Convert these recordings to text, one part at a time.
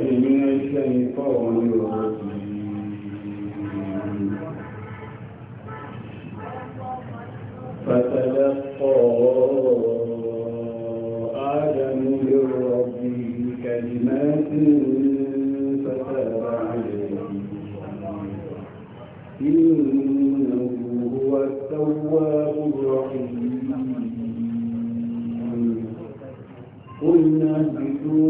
من الشيطان الرجيم فتلقى آدم من كلمات فتاب عليه إنه هو التواب الرحيم قلنا اهبطوا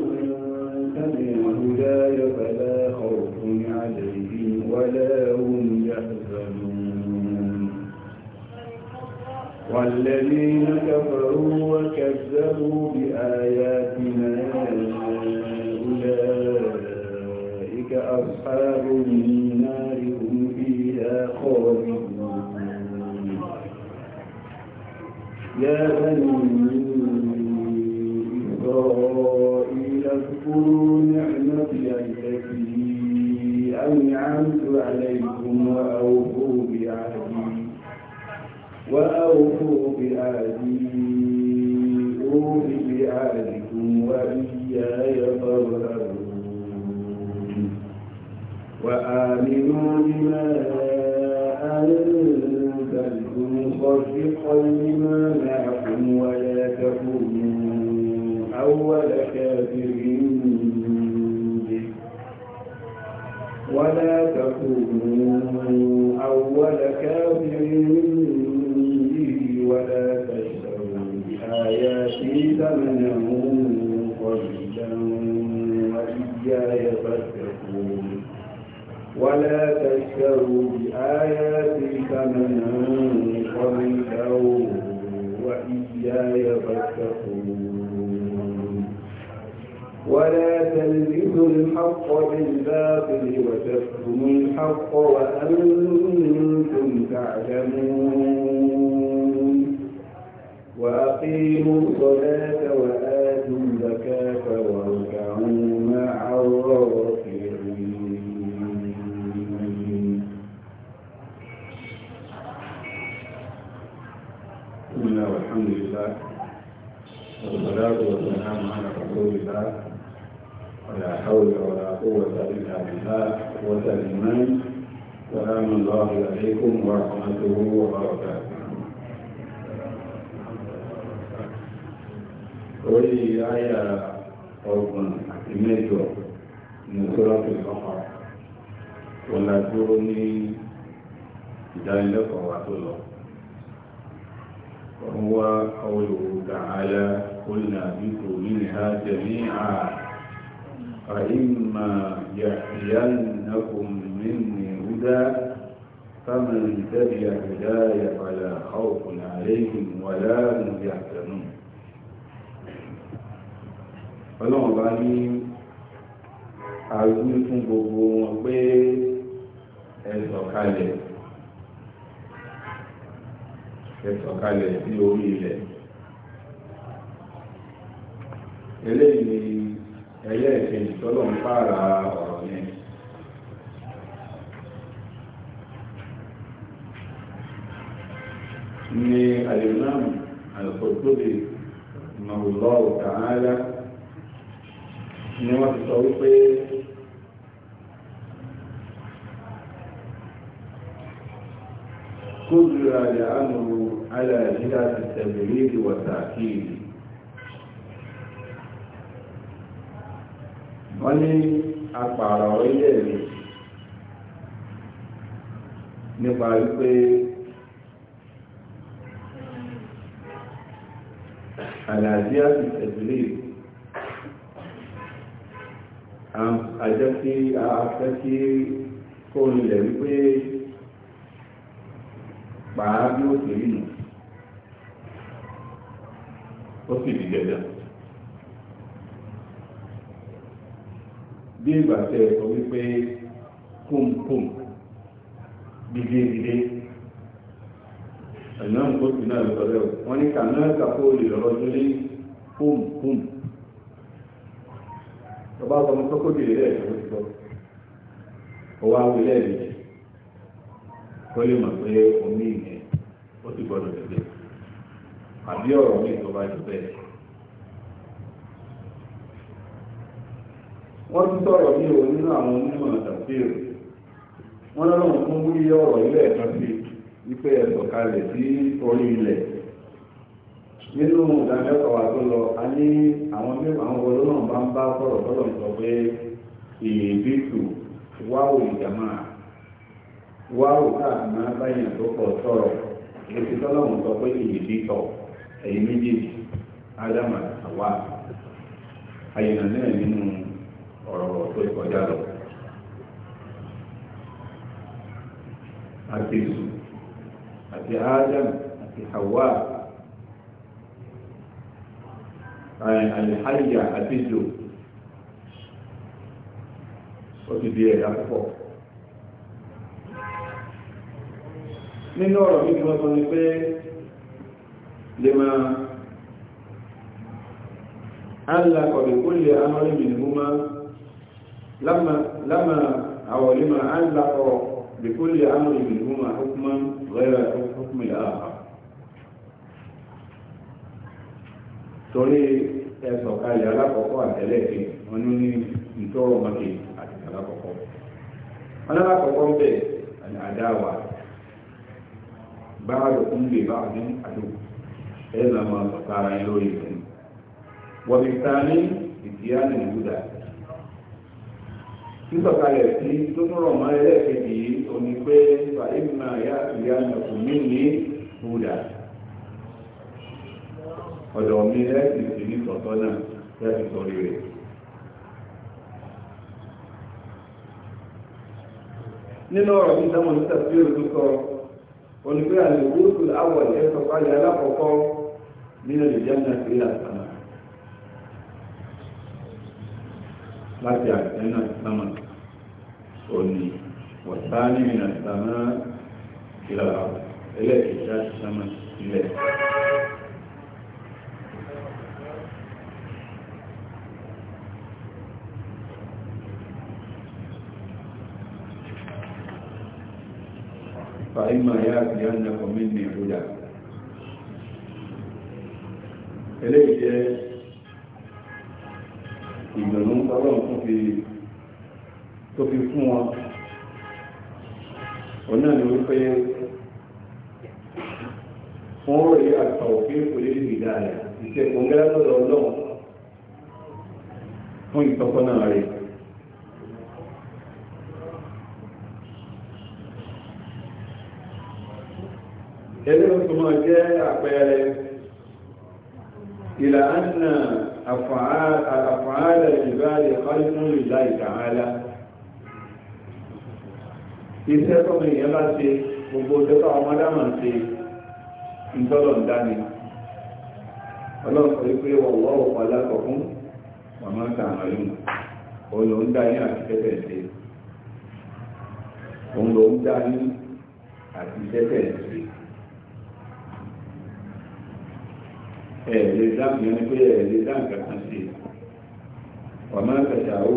والذين كفروا وكذبوا بآياتنا أولئك أصحاب النار هم فيها خالدون يا بني كنتم صادقا لما معكم ولا تكونوا أول كافر به ولا تكونوا أول كافر به ولا تشتروا بآياتي ثمنا قليلا وإياي فاتقون ولا تشتروا بآياتي ثمنا تخرجوا الحق بالباطل وَتَكْتُمُ الحق وأنتم تعلمون وأقيموا الصلاة الله عليكم ورحمته وبركاته orí àyà ọgbọ̀n ìmẹ́jọ ní sọ́lọ́pù ìfọ́fà wọ́nà dúró ní ìdánilẹ́kọ̀ọ́ wa tó lọ wọ́n wá ọwọ́ tààlà قلنا بكم منها جميعا فإما يأتينكم مني هدى فمن تبع هدايا فلا خوف عليهم ولا هم يحزنون ọlọ́run bá ní àrùn fún gbogbo wọn pé ẹ sọ̀kalẹ̀ ẹ sọ̀kalẹ̀ sí orí ilẹ̀ eléyìí ẹlẹ́ẹ̀kejì tọ́lọ̀ ń pààrà ni alimami alikotobi mahulọ ọtaala ni wọ́n ti sọ wípé kódùrà lè amòrò aláàjíra ti tẹ̀lé ìlú wàtàkìlì wọ́n ní apààrọ̀ orílẹ̀-èdè nípa wípé àlàáfíà ti tẹ̀lé àjẹ́ kí a fẹ́ kí kó nílẹ̀ wípé pàá bí ó sì rí nù ó sì di dandan bí ìgbà tẹ́ ẹ sọ wípé kóńkóń dídé dídé ẹ̀nà ń gbóòtù náà lọ rẹ̀ wọ́n ní kà náà kàkó lè lọ́rọ́ tó lé fóòm fóòm ọba ọmọ tó kóbi rẹ̀ ló ti gbọ́ ọwọ́ awilẹ̀ rẹ̀ kó lè mọ̀ pé omi ìgbẹ́ ó ti gbọ́dọ̀ lẹ́gbẹ́ àbí ọ̀rọ̀ mi tó bá jù bẹ́ẹ̀. wọ́n ti sọ̀rọ̀ ní òun nínú àwọn onímọ̀ àtàkùn èrò wọ́n lọ́rọ̀ fún wíyé ọ̀rọ̀ ilé ẹ̀ka sí i. wípé ẹ̀sọ̀ kalẹ̀ sí orí ilẹ̀ nínú ìdánilẹ́kọ̀ọ́ wa tó lọ a ní àwọn mẹ́fà àwọn ọlọ́run bá ń bá sọ̀rọ̀ sọ̀rọ̀ sọ pé ìbítù wáwò ìjàmà wáwò káàkiri máa báyìí tó pọ̀ sọ̀rọ̀ èsì tọ́lọ́run sọ pé méjèèjì ádámà àwa àyìnà náà nínú ọ̀rọ̀ lọ. àti Adam àti Hawa àlìháyà àti ìjò ó ti di ẹ̀yà púpọ̀ nínú ọ̀rọ̀ mi ni wọ́n sọ ní pé lè máa Allah kọ̀bí kó lè amọ́rí mi nìmú máa lámà àwọ̀ lè máa Allah kọ̀bí kó lè amọ́rí mi nìmú máa hukuman غير الحكم الآخر torí ẹsọ̀ kalẹ̀ alákọ̀ọ́kọ́ àtẹ̀lẹ́ẹ̀kẹ́ wọn ní ní ìtọ́rọ̀ mọ́kè àti alákọ̀ọ́kọ́ alákọ̀ọ́kọ́ ń bẹ̀ àdáwà bá àdùkún lè bá àdún àdùn ẹ̀rọ máa sọ̀tara lórí ìlú wọ́n fi ta ní ìdíyàní ìlú dáa sísọ̀kalẹ̀ sí tó tún rọ̀ mọ́ ẹlẹ́ẹ̀kejì yìí ó ní pé fàìmà ìyá ìyá ọ̀sùn mí ní buda ọ̀dọ̀ mi lẹ́sìn sí ní sọ̀tọ́ náà lẹ́sìn sọ̀rí rẹ̀. nínú ọ̀rọ̀ tí dámọ̀ ní tàbí òdú sọ olùgbé àlèkúrúkú àwọ̀ ẹ̀ sọ pálẹ̀ alákọ̀ọ́kọ́ nínú ìjẹ́nà sí àtàmà láti àjẹ́nà sámà والثاني من السماء إلى الأرض إلى كتاب الشمس إليه فإما يأتينكم مني هدى إليه إذا ننظر في tó fi fún wọn òun náà ni wípé wọ́n rò yí àtọ̀ òfin kò lè rí ìdáyà ìṣe kòńgẹ́lá lọ́dọ̀ ọlọ́run fún ìtọ́kọ́nà rẹ̀. ẹlẹ́yìn tó máa jẹ́ àpẹẹrẹ ìlànà àfààlẹ̀ ìbáyẹ̀ kọ́lùkùn ìlà ìtàhálà iṣẹ́ tọ́mọ èèyàn bá ṣe gbogbo ọjọ́ táwọn mọ́dámà ń ṣe ìtọ́lọ̀ ń dání ọlọ́run sọ wípé wọ́n wọ́ ọ̀pọ̀ alákọ̀ọ́kún màmá ń ta àwọn yìí òun ló ń dá yín àti tẹ́tẹ̀ ṣe òun ló ń dá yín àti tẹ́tẹ̀ ṣe ẹ̀ lè dáhùn yẹn ni pé ẹ̀ lè dáhùn kankan ṣe màmá ń tẹ̀sà ó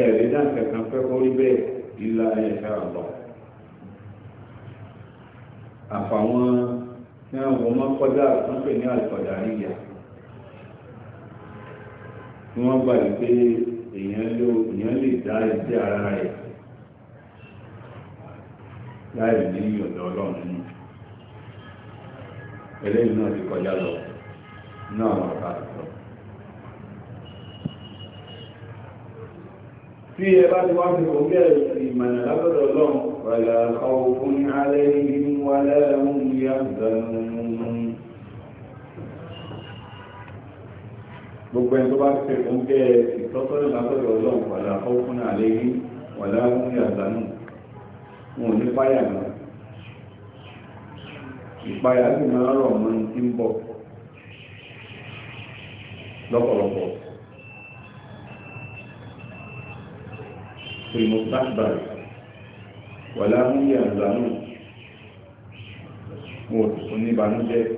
ẹ̀ lè dáhùn kankan fẹ́ kó rí bẹ́ẹ̀ ilá ẹ̀ka àlọ́ àfàwọn tí wọ́n mọ́ kọjá tó ń pè ní àlùkọ̀dà níyà tí wọ́n gbà pé èèyàn lè dá iṣẹ́ ara rẹ̀ láì ní ọ̀dọ̀ ọlọ́run nínú eléyìí náà ti kọjá lọ náà wà bá sọ. tí ẹ bá ti wá fi kò gẹ́ ìmọ̀nà lábẹ́rẹ̀ ọlọ́run wàlá ọ̀fún alẹ́ ìlú wà lẹ́rùn yá gbogbo ẹni tó bá ti fẹ̀kún gẹ́ ìtọ́sọ́rọ̀ lábẹ́rẹ̀ ọlọ́run wàlá ọ̀fún alẹ́ ìlú wà lẹ́rùn yá dánù wọn ní páyà náà ìpáyà sì máa rọ̀ mọ́ ní tí ń bọ̀ lọ́pọ̀lọpọ̀ في المستقبل ولا هم يهزمون وتقولني بانون جاي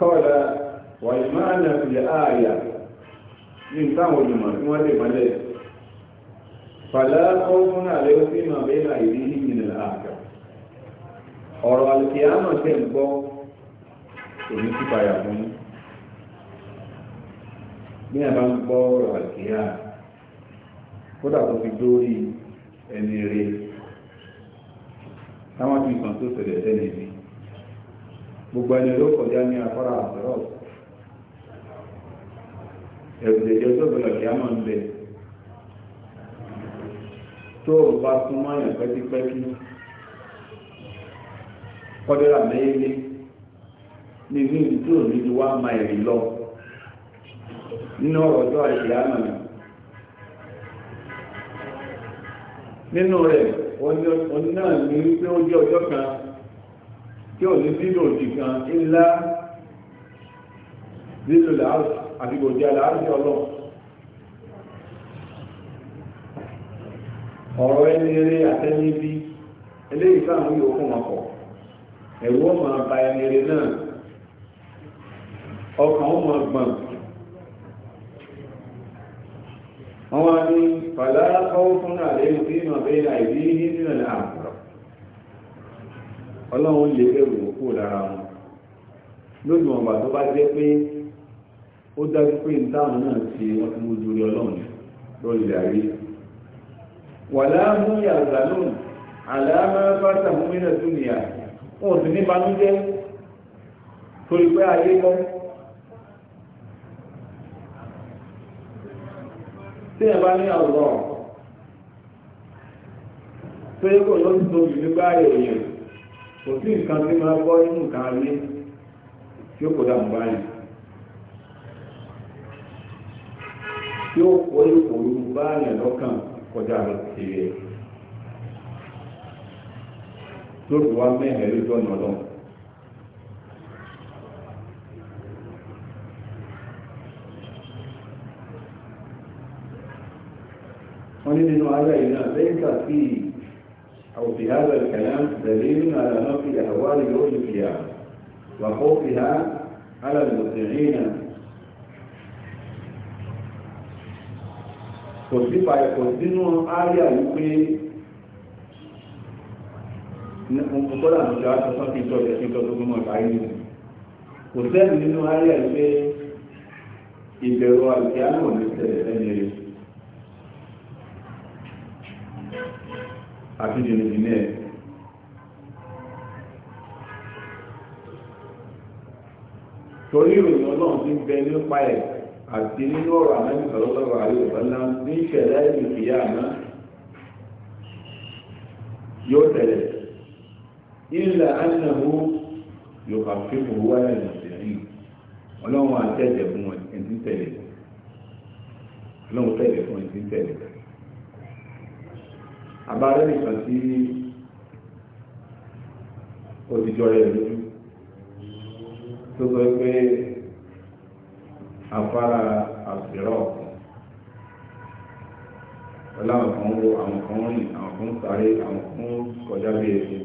قال والمعنى في الآية إنسان وجمال وهذه فلا خوف عليهم فيما بين أيديهم من الآية Ọrọ alùpìyàmọ̀ tẹ̀ ń gbọ́ èmi ti bàyà fún yín bí ẹ bá ń gbọ́ ọ̀rọ̀ alùpìyàmọ̀ kódà tó fi dórí ẹni táwọn tó ṣẹlẹ̀ gbogbo ẹni ló kọjá ní afárá àtọ́rọ̀ tó bẹ̀rẹ̀ ń bẹ̀ tó o bá súnmọ́ pẹ́kípẹ́kí. kọ́dọ́rà mẹ́yẹ́lé ní ní ìdúró ní ju wá máa ẹ̀rí lọ nínú ọ̀rọ̀ tó àìsí àmà nínú rẹ̀ òní náà ní pé ó jẹ́ ọjọ́ kan tí ò ní sílò òdì kan ńlá nílò làásù àti kò jẹ́ làásù ọlọ́run ọ̀rọ̀ ẹni eré àtẹ́ni bí eléyìí sáà ń yóò fún wọn kọ̀ ẹ̀wọ́ máa ba ẹnìrè náà ọkàn ó máa gbọ̀n wọ́n wá ní fàlá ọwọ́ fún àlẹ́ ìdí ìmọ̀ bẹ́ẹ̀ àìdí nínú ìlànà àbúrò ọlọ́run lè bẹ̀rù òkú lára wọn lójú ọ̀gbà tó bá jẹ́ pé ó dájú pé ìdáhùn náà ti wọ́n ti mú jùlọ ọlọ́run lórí ìdarí wà láàmú yàrá lónìí àlàámá bá tàmúmínà dúnìyà wọn ò sì ní banújẹ́ torí pé ayé mọ́ tí ẹ bá ní àwòrán tó yẹ kó lọ́sí tóbi nígbà èèyàn kò sí nǹkan tí máa bọ́ inú nǹkan ayé tí ó kò dà mọ́ báyìí tí ó kó ìkòrò báyìí lọ́kàn kọjá lọ sí ẹ̀ tó fi wá mẹ́rin lójú ọ̀nà lọ. wọ́n ní nínú ara yìí náà lẹ́yìn tàbí àwòfìhá bẹ̀rẹ̀ kẹ̀lá bẹ̀rẹ̀ nínú ara náà fi àwárí yóò yìí fìyà wà kó fìhá على المسلمين kò sí báyìí kò sínú ááyà wípé ọ̀pọ̀lọpọ̀ àti àwọn sọ́kì tó ọ̀dẹ̀ tó tó mọ̀ láyé nù. kò sẹ́ni nínú ayé ẹ̀ pé ìbẹ̀rù àlùkìá náà lè tẹ̀lé ẹni rẹ̀. àti jìnnìjìnnì ẹ̀. torí ìròyìn ọlọ́run ti ń bẹ nípa ẹ̀ àti nínú ọ̀rọ̀ àmẹ́bí sọ̀rọ̀sọ̀rọ̀ àríwá bọ́lá ní ìṣẹ̀lẹ̀ ìfìyà náà yóò tẹ̀lé ilà ánàwó yorùbá fíìmù wáyà ìrìnàjẹ̀rì ọlọ́run àtẹ̀jẹ̀ fún wọn ẹni tẹ̀lé ọlọ́run tẹ̀lé fún ẹni tẹ̀lé abárẹ́ nìkan tí òdìjọ rẹ̀ lójú tó sọ pé afárá àṣírọ̀ ọ̀kan ọlọ́run kan wo àwọn kan rìn àwọn kan sáré àwọn kan kọjá bí ẹsẹ̀.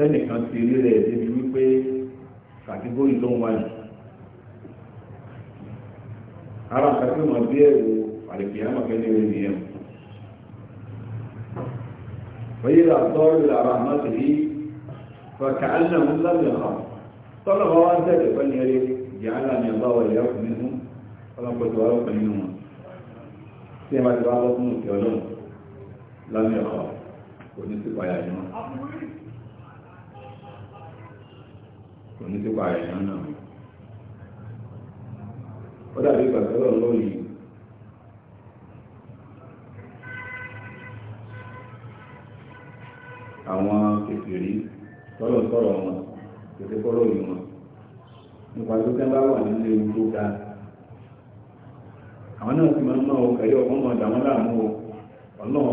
sẹ́nìkan ti rí rẹ̀ débi wípé kàtígórì ló ń wáyé ara kàtí wọn bí ẹ̀rù àlèkìyàmọ̀ kẹ́ni rẹ̀ nìyẹn wọ́yí rà tọ́rù lára àmọ́sí yìí fọ̀kà ánàmú lábẹ̀ hàn tọ́lọ̀ bá wá ń tẹ̀lẹ̀ pẹ́ni rẹ̀ ìyá ńlá ni ọba wọ̀ ìyá fún nínú ọlọ́pọ̀tọ̀ ọlọ́pọ̀ nínú wọn tí ẹ bá ti wá lọ́kùnrin òkè ọlọ́run lábẹ̀ hàn kò ní sí yìí wọn kò ní sí pààyàn náà náà ó dàbí pàtẹ́lọ̀ lónìí àwọn kékeré tọ́lọ̀ sọ̀rọ̀ wọn kété kọ́lọ̀ yìí wọn nípa tó tẹ́ bá wà nílé ewu tó dáa àwọn náà ti máa ń láàmú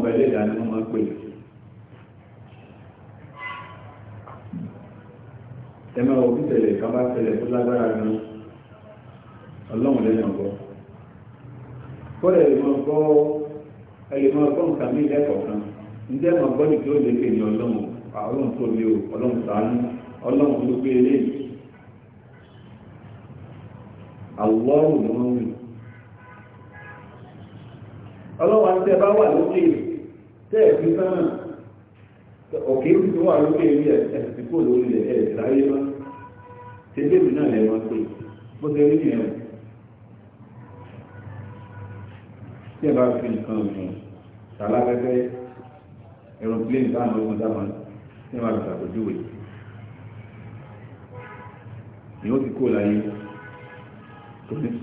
bẹ́ẹ̀ lè máa ń pè é. ẹ máa wo títẹ̀lẹ̀ ká tó lágbára ní ọlọ́run lẹ́yìn ọ̀gọ́ kọ́lẹ̀ lè máa gbọ́ ẹ nǹkan kan o sàánú ló gbé e àwòrán ló ń rìn àti wà òkè ń tó wà lókè rí ẹ̀sìn tí kò lórí rẹ̀ ẹ̀ ráyé wá tẹ́lẹ̀ mi náà lẹ́wọ́n pé bó ṣe rí ní ẹ̀wọ̀n tí ẹ bá fi nǹkan ọ̀gbìn tàlágẹ́gẹ́ aeroplane táwọn ọmọ dábàá tí ẹ bá fi ṣàpèjúwe ni ó ti kó láyé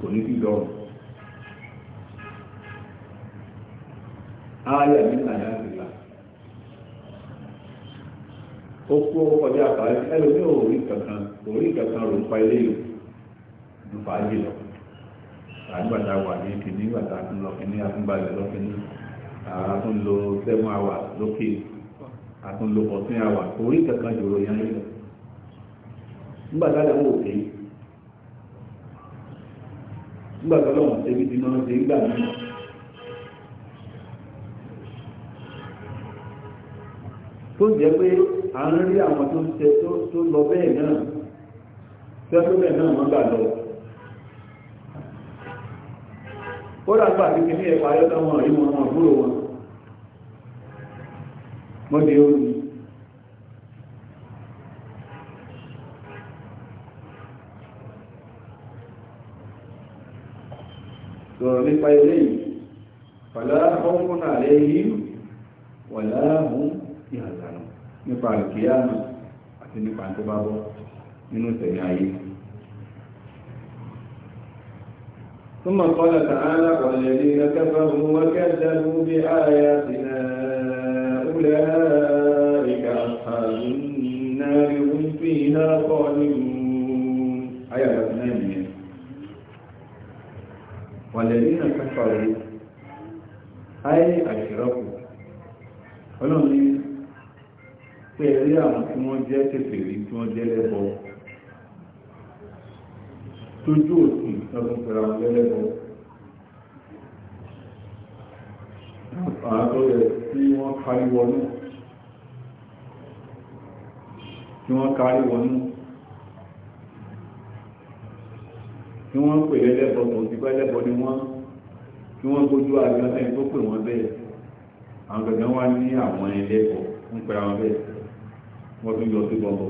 kò ní sí lọ́rùn. Ayé àmì àdáṣe ó kú ó kọjá àtàrí ẹlòmí ò rí kankan ò rí kankan rò pa ilé yìí ló fà á jì lọ àgbàdà wà ní kìnní gbàdà tó lọ kìnní àtúngbàlẹ̀ lọ kìnní àtúnlò seven hours lókè àtúnlò fourteen hours kò rí kankan jòrò yẹn lọ nígbàdà lẹ́wọ̀n òkè nígbàdà lọ́wọ́n ṣe bí ti máa ń ṣe nígbà mìíràn. tó jẹ́ pé à ń rí àwọn tó ń tẹ tó lọ bẹ́ẹ̀ náà tẹ́tọ́ bẹ́ẹ̀ náà wọ́n gbà lọ. ó dàgbà àti kìíní ẹ̀fà ayọ́tọ̀ wọn rí wọn wọn búrò wọn mọ́dé ó ní. sọ̀rọ̀ nípa ilé yìí pàlá ọkùnrin àlẹ́ yìí wà láàmú ìhàlá nípa àlùkìyàmù àti nípa tó bá bọ́ nínú tẹ̀lé ayé. ثم قال تعالى والذين كفروا وكذبوا بآياتنا أولئك أصحاب النار هم فيها خالدون آية الثانية والذين كفروا أي أشركوا قالوا ṣe rí àwọn tí wọ́n jẹ́ kèfèrí tí wọ́n jẹ́ lẹ́bọ tójú òsì ọdún pẹ̀lú àwọn lẹ́lẹ́bọ àwọn tó yẹ tí wọ́n kárí wọnú tí wọ́n kárí wọnú tí wọ́n ń pè lẹ́lẹ́bọ tó ti pẹ́ lẹ́bọ ni wọ́n tí wọ́n gbójú àjọ ẹni tó pè wọ́n bẹ́ẹ̀ àwọn gbẹ̀gbẹ̀ wá ní àwọn ẹlẹ́bọ̀ọ́ ń pẹ àwọn wọ́n tún yọ sí gbọ́ngbọ́.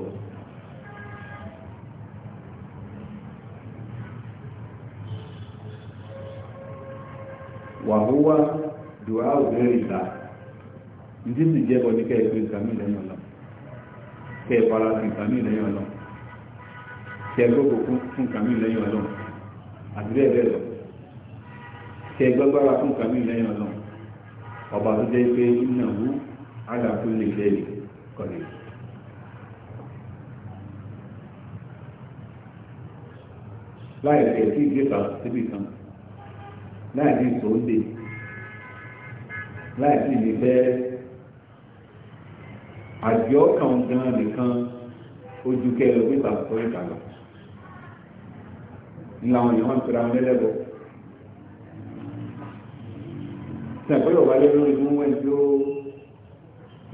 wàhúwá dùrá òbẹ́rẹ́ ìta ìdí sì jẹ́ ní kẹ́ẹ̀kẹ́ lẹ́yìn ọ̀nà kẹ́ẹ̀ fara sí ìkàmì lẹ́yìn ọ̀nà kẹ́ẹ̀ fún ìkàmì lẹ́yìn ọ̀nà àti bẹ́ẹ̀ lọ fún lẹ́yìn ọ̀nà ọba tó jẹ́ pé على كل shay'in qadir láì rẹ̀ sí ìgbéka síbi kan láì ní ìsòóde láì sí ìlú bẹ́ẹ̀ àjọ kan gan nìkan ojú kẹlẹ gbéka sórí ìta lọ ńlá wọn yẹn wọn tura wọn lẹ́lẹ́bọ̀ sẹ́ńpẹ́ yóò wáyé lórí mú wẹ́n tí ó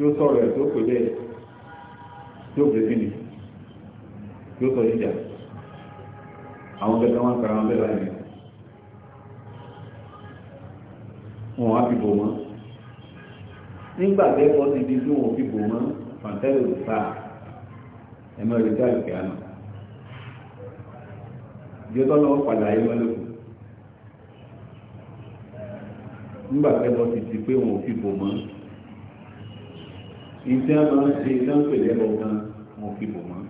tí ó sọ̀rọ̀ ẹ̀ tó pè bẹ́ẹ̀ tó pè sí ni tí ó sọ jíjà àwọn bẹ́ẹ̀ wọn kàrà wọn bẹ́ẹ̀ láì ní wọn á fi bò wọn nígbà bẹ́ẹ̀ kọ́ ti di tí wọn fi bò wọn fàǹtẹ́lì ò sáà ẹ̀mọ́ rẹ̀ dá ìpè àná ìjọ tó lọ́wọ́ padà ayé wọn lókun nígbà bẹ́ẹ̀ kọ́ ti di pé wọn fi bò wọn ìṣe máa ń ṣe ìdánpẹ̀lẹ́ lọ gan wọn fi bò wọ́n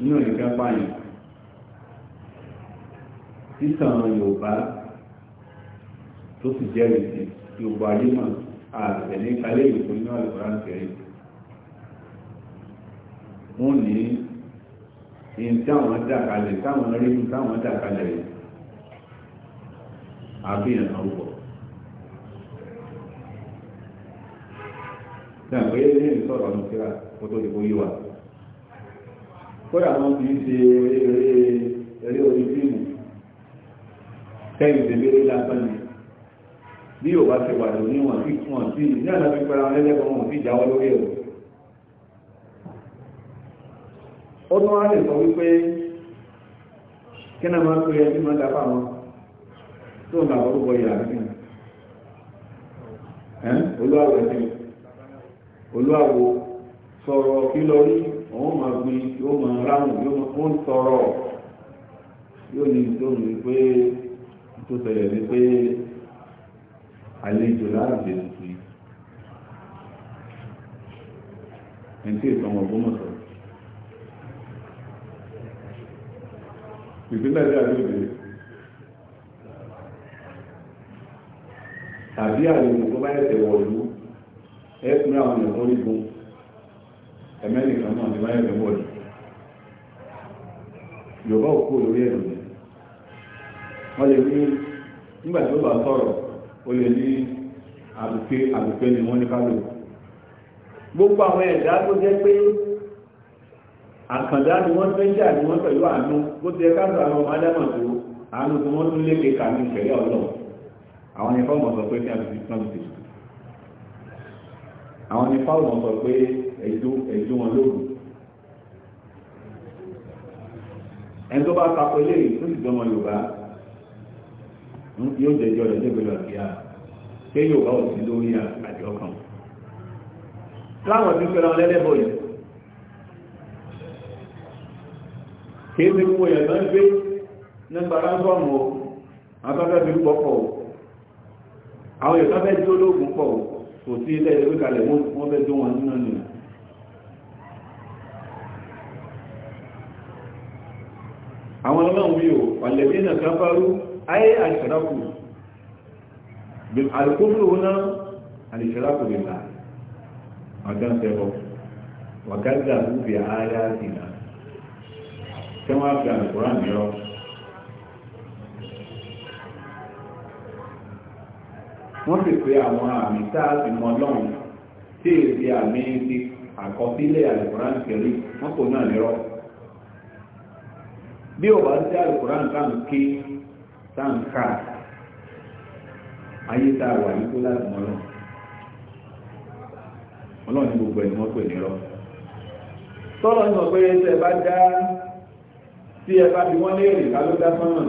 nínú ìka báyìí sísan Yorùbá tó sì jẹ́ ìsìn Yorùbá ayé mọ̀ àgbẹ̀ ní e kalẹ́ ìlú nínú àlùkò ránkẹ́rì wọ́n ní ìyẹn táwọn dà kalẹ̀ táwọn rí táwọn dà kalẹ̀ àbí ìrànlọ́wọ́. náà bí yóò bá ti wà lò níwọ̀n sí wọn sí ní àná fi pẹ́ra wọn lẹ́lẹ́kọ̀ọ́ wọn sì jáwọ́ lórí ẹ̀rọ ó tún wá lè sọ wípé kí máa ń pè ẹbí máa dábàá wọn tó ń bá orúkọ yìí àbí olúwa rẹ̀ olúwàwò sọ̀rọ̀ kí lọ rí òun máa gbin yóò máa ráhùn yóò máa ń sọ̀rọ̀ yóò ní ìdóhùn ní pé tó ṣẹlẹ̀ ní pé àlejò láàbẹ̀ sí ẹni tí ìtàn ọ̀gbọ́n mọ̀ sọ̀rọ̀. ìpínlẹ̀ bí àlejò tàbí àlejò tó bá yẹ̀ tẹ̀wọ̀ lù ẹ̀kùn àwọn èèyàn orígun ẹ̀mẹ́nìkan náà ni wáyé rẹ̀ wọ́ọ̀dù yorùbá òkú lórí ẹ̀rù ni wọ́n lè ní nígbà tí ó bá sọ̀rọ̀ ó ni wọ́n gbogbo àwọn ẹ̀dá tó jẹ́ pé àkàndá ni wọ́n fẹ́ jà ni wọ́n pẹ̀lú àánú bó ti yẹ ká àwọn ọmọ tó àánú tí tún a ti fi àwọn ní fáwọn sọ pé ẹ̀jú wọn lóògùn ẹni tó bá tako eléyìí tó sì jọmọ yorùbá yóò jẹjọ rẹ̀ lébèlú àbíyá pé yorùbá ò sí lórí àjọ kan láwọn tí ń pẹ̀lú àwọn ẹlẹ́bọ̀ yìí kìí ṣe gbogbo èèyàn tó ń gbé nípa ránṣọ́ọ̀mù o afẹ́fẹ́ fi pọ̀ pọ̀ o àwọn èèyàn tó fẹ́ jó lóògùn pọ̀ o kò sí ilé ìwé kalẹ̀ wọ́n fẹ́ tó wọn nínú nìyà àwọn ọlọ́run bí o ọ̀lẹ̀bí na káfàrú ayé àṣẹ́rákù alkúrò náà àṣẹ́rákù lè ta ọjọ́n tẹ́rọ wàgágà rúbì ayá dìnà tẹ́wọ́n á fi àlùkùrán mìíràn wọ́n sì pé àwọn àmì tá a ti mọ ọlọ́run tí èsì àmì ti àkọsílẹ̀ alukuran kẹrí wọ́n kò náà lérò. bí ò bá sí alukuran tá n ké tá n ká ayé tá a wà yíkó láti mọ ọlọ́run ọlọ́run ní gbogbo ẹni wọ́n pè lérò. tọ́lọ́ ní ọ̀pẹ́ ẹsẹ̀ bá dá tí ẹ bá bí wọ́n léèrè ká ló dá sọ́nà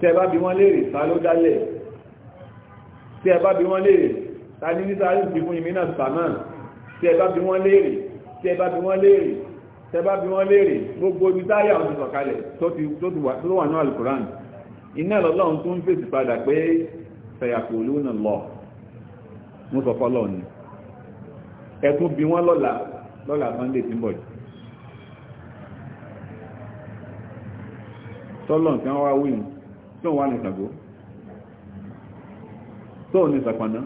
tẹ́ bá bí wọ́n léèrè ká ló dálẹ̀ tí ẹ bá bí wọ́n léèrè ta ní nísàárì ti fún ìmínà sàmán tí ẹ bá bí wọ́n léèrè tí ẹ bá bí wọ́n léèrè tí ẹ bá bí wọ́n léèrè gbogbo ibi táyà ọ̀hún ti sọ̀kalẹ̀ tó ti wà ní alukuran iná lọ́lọ́run tó ń fèsì padà pé fẹ̀yàkùlù nà lọ mú sọ fọ́lọ́ ni ẹ̀tún bí wọ́n lọ́la lọ́la sunday tí ń bọ̀ tọ́lọ̀ tí wọ́n wá wí tó wà ní ìtàgó tó ní sàpàná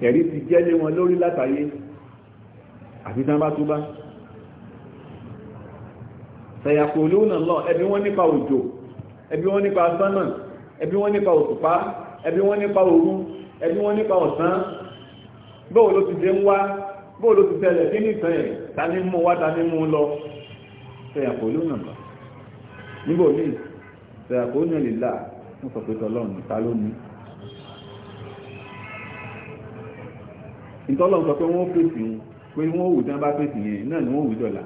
ẹ̀rí ti jẹ́ lé wọn lórí látàyé àti tán bá túbá sẹ̀yàkó lónà lọ ẹbí wọ́n nípa òjò ẹbí wọ́n nípa sánà ẹbí wọ́n nípa òtùpá ẹbí wọ́n nípa òru ẹbí wọ́n nípa ọ̀sán bóò ló ti dé ń wá bóò ló ti tẹ́lẹ̀ kí ní ìtàn ẹ̀ ta ní mú wá ta ní mú lọ sẹ̀yàkó lónà lọ níbò ní sẹ̀yàkó lónà lè là ń sọ pé tọ́lọ́run ta ló ní ìtọ́lọ̀ sọ pé wọ́n fèsì wọn pé wọ́n wù tí wọ́n bá fèsì yẹn náà ni wọ́n wù dọ̀là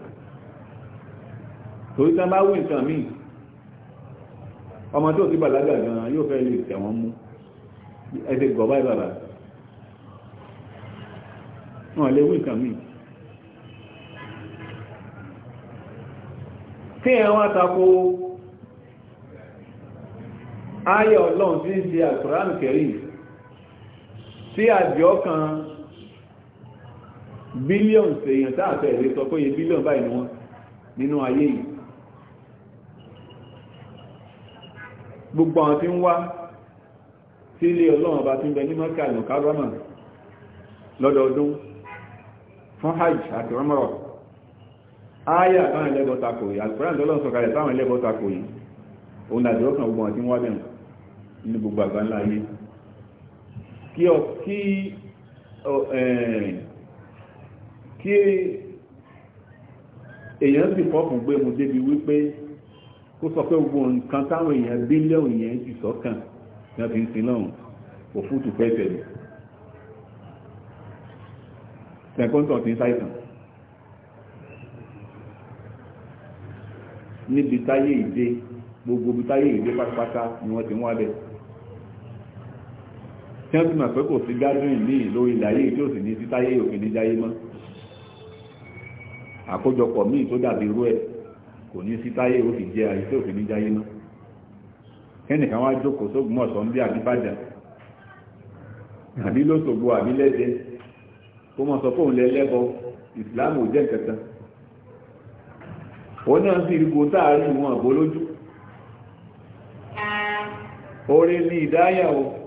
torí tí wọ́n bá wù nǹkan míì ọmọ tó ti bàlágà gan yóò fẹ́ lè tẹ̀wọ́n mú ẹsẹ̀ gbọ̀ báyìí bàbá wọn lè wù nǹkan míì tí ẹ wá tako ayọ̀ ọlọ́run tí ń ṣe àkùránù kẹrì tí àjọ kan bílíọ̀nù èèyàn táàfẹ́ ẹ̀rẹ́ sọ pé iye bílíọ̀nù báyìí ni wọ́n nínú ayé yìí gbogbo àwọn tí ń wá sí ilé ọlọ́run bá ti ń bẹ ní mọ́kà ìlú kárọ́mà lọ́dọọdún fún hajj àti rọmọrọ̀ ááyà táwọn ẹlẹ́bọ̀ takò yìí àkùrán tó lọ́n sọ̀kalẹ̀ táwọn ẹlẹ́bọ̀ takò yìí òun làdúró kan gbogbo àwọn tí ń wá bẹ̀rù nínú gbogbo àgbáńlá ayé kí kí èèyàn sì fọ́ọ̀kùn gbé mu débi wípé kó sọ pé gbogbo nǹkan táwọn èèyàn bílíọ̀nù yẹn jù sọ́kàn ní ọdún sí náà òfútù pẹ́ẹ́fẹ́ mi sẹ́kọ́ńtọ̀ ti ń ṣàìsàn níbi táyé ìdé gbogbo ibi táyé ìdé pátápátá ni wọ́n ti ń wá bẹ́ẹ̀ tí wọ́n ti mọ̀ pé kò sí gádùn ìlú lórí ilẹ̀ ayé tí ò sì ní sí táyé òfin ní jáyé mọ́ àkójọpọ̀ míì tó dàbí irú ẹ̀ kò ní sí táyé ó fi jẹ àyíké òfin ní jáyé náà kẹ́nìkan wá jókòó sógun ọ̀sán bí àbíbàjá àbí lóṣogbo àbí lẹ́dẹ́ kó mọ̀ sọ fóun lẹ́lẹ́bọ ìsìláàmù ò jẹ́ nǹkan kan náà sì rígbó táàrí wọn àbólójú oore ní ìdáyàwó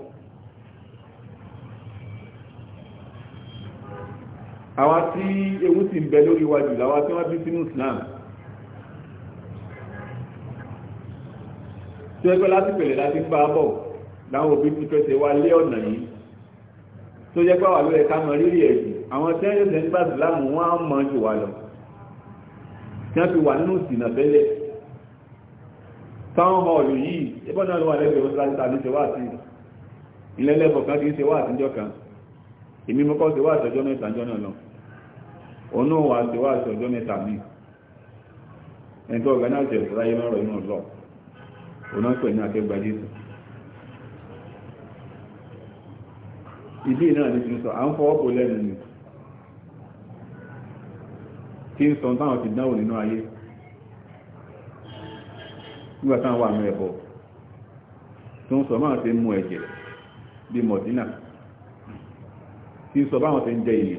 àwọn tí ewu sì ń bẹ lórí wájú láwọn tí wọ́n bí sínú Islam tí ẹgbẹ́ láti pèlè láti ń bá bọ̀ láwọn òbí ti fẹsẹ̀ wá lé ọ̀nà yìí tó jẹ́ pàwà ló yẹ ká mọ rírì ẹ̀jù àwọn tí wọ́n yẹ̀sẹ̀ ń gbà sí láàmú wọn á mọ jù wá lọ tí wọ́n fi wà nínú ìsìnà tẹ́lẹ̀ táwọn họ̀ọ̀lù yìí ẹgbọ́n náà ló wà lẹ́gbẹ̀ẹ́ ó sáà ní ṣe wá sí ilẹ̀lẹ́bọ̀ èmi mọ́kọ́ sí wá àtọ́jọ́ mẹ́ta jọ́ náà lọ ọ̀nà wà sí wá àtọ́jọ́ mẹ́ta mi ẹni tó ọ̀gá náà tẹ̀sí ráyé lọ́rọ̀ inú lọ ọ̀nà pẹ̀ ní akẹgbà jésù ìdí náà ní ti à ń fọwọ́ kò lẹ́nu ni tí ń sọ táwọn ti dáwò nínú ayé nígbà táwọn wà ní ẹ̀bọ̀ tó ń sọ máa ti mú ẹ̀jẹ̀ bí mọ̀dínà tí ń sọ báwọn ti ń jẹ ilé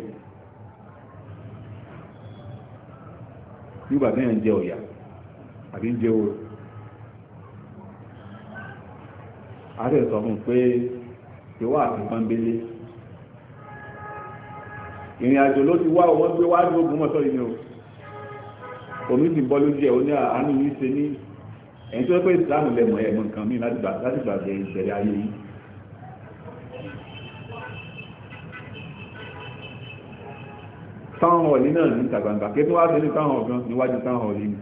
yóò bí ń jẹ ọ̀yà àbí ń jẹ oró àti ẹ̀sọ̀ fún pé ìwà àti pọ́nbélé ìrìn àjò ló ti wá owó gbé wá ní ogun mọ́sọ́ ìní o omi ti bọ́ lójú ẹ̀ ó ní àánú yìí ṣe ní ẹ̀yìn tó pé ìsìláàmù lẹ́mọ̀ ẹ̀mọ̀ nǹkan míì láti gbàgbé ìṣẹ̀lẹ̀ ayé yìí táwọn hall náà ní gbangba kí tó wá sí ní táwọn hall níwájú táwọn hall yìí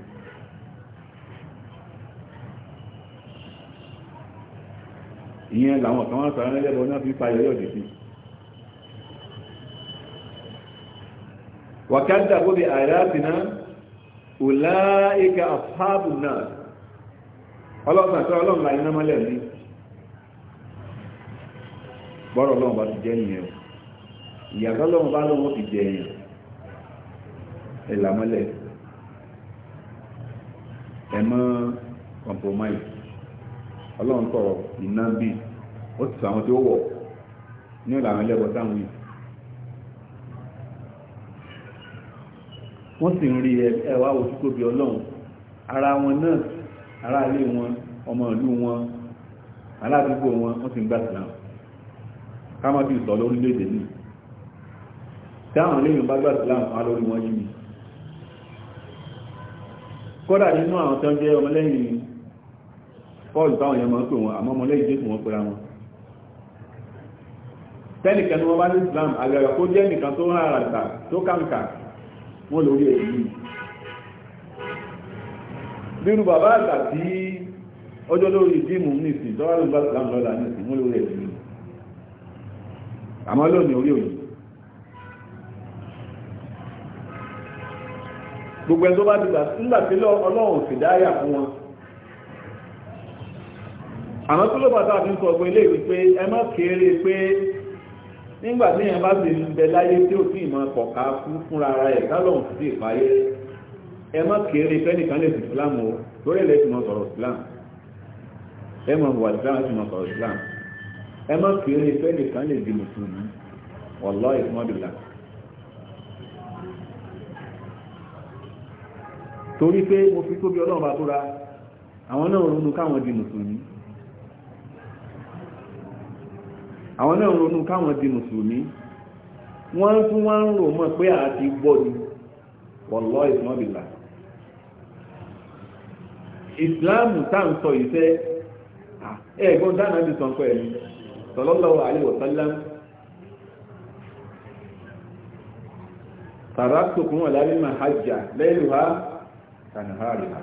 ìyẹn làwọn kan wá náà fi fa yọyọ dìbì wàkàtà gbóbi àyàtìná ọ̀làíkà àfáàbù náà ọlọ́pàá tó ọlọ́pàá iná mọ́lẹ̀ ní bọ́rọ̀ ọlọ́pàá ti jẹ́ ìyẹn ìyàtọ̀ lọ́wọ́ ti ẹ là mọ́lẹ̀ ẹ mọ́ compromise ọlọ́run sọ̀rọ̀ iná bí ó ti sọ àwọn tí ó wọ̀ ní ìlànà ẹlẹ́bọ táwọn yìí wọ́n sì ń rí ẹwà òtútóbi ọlọ́run ara wọn náà ará ilé wọn ọmọ ìlú wọn aládùúgbò wọn wọ́n sì ń gbà sílá ká má bí ìsọ̀ lórílẹ̀-èdè nìí táwọn léèyàn bá gbà sílá àwọn alórí wọn yìí kódà nínú àwọn tó jẹ́ ọmọlẹ́yìn Paul táwọn yẹn máa ń pè wọn àmọ́ ọmọlẹ́yìn Jésù wọn pera wọn tẹ́nìkan ni wọ́n bá ní Islam àgbàgbà kó jẹ́ nìkan tó rán àràtà tó kàǹkà wọ́n lórí èyí bírú bàbá àgbà tí ọjọ́ lórí ìdíìmù nìsín tọ́wọ́ ló bá Islam lọ́la nìsín wọ́n lórí èyí àmọ́ lónìí orí òyìn gbogbo ẹni tó bá dìgbà nígbà tí ọlọ́run sì dáyà fún wọn àmọ́ tó ló bá tàbí ń sọ ọgbọ́n ilé ìwé pé ẹ má kéré pé nígbà tí èèyàn bá sì ń bẹ láyé tí ò tí ì máa kọ̀ọ̀ká fún fúnra ara ẹ̀ tálọ̀hún sí ìfàyè ẹ má kéré fẹ́nìkan lè sùn fúlàmù o lórí ẹ̀ lẹ́sìn sọ̀rọ̀ Islam ẹ máa wà Islam sì máa sọ̀rọ̀ Islam ẹ má kéré fẹ́nìkan lè di mùsùlùmí wallahi ìfúnmọ́bìlà torí pé mo fi tóbi ọlọ́ọ̀bá tó ra àwọn náà ronú káwọn di mùsùlùmí àwọn náà ronú káwọn di mùsùlùmí wọ́n tún wá ń rò mọ́ pé àti gbọ́ ni wọ́lọ́ ìsúnmọ́bìlà ìsìláàmù táà ń sọ ìfẹ́ ẹ̀gbọ́n dáná ti sọ pé ẹ̀mí tọ́lọ́lọ́wọ́ àyẹ̀wọ̀sálá tàbátòkùn wà lárí màá hajjá lẹ́yìn wá kanahari ha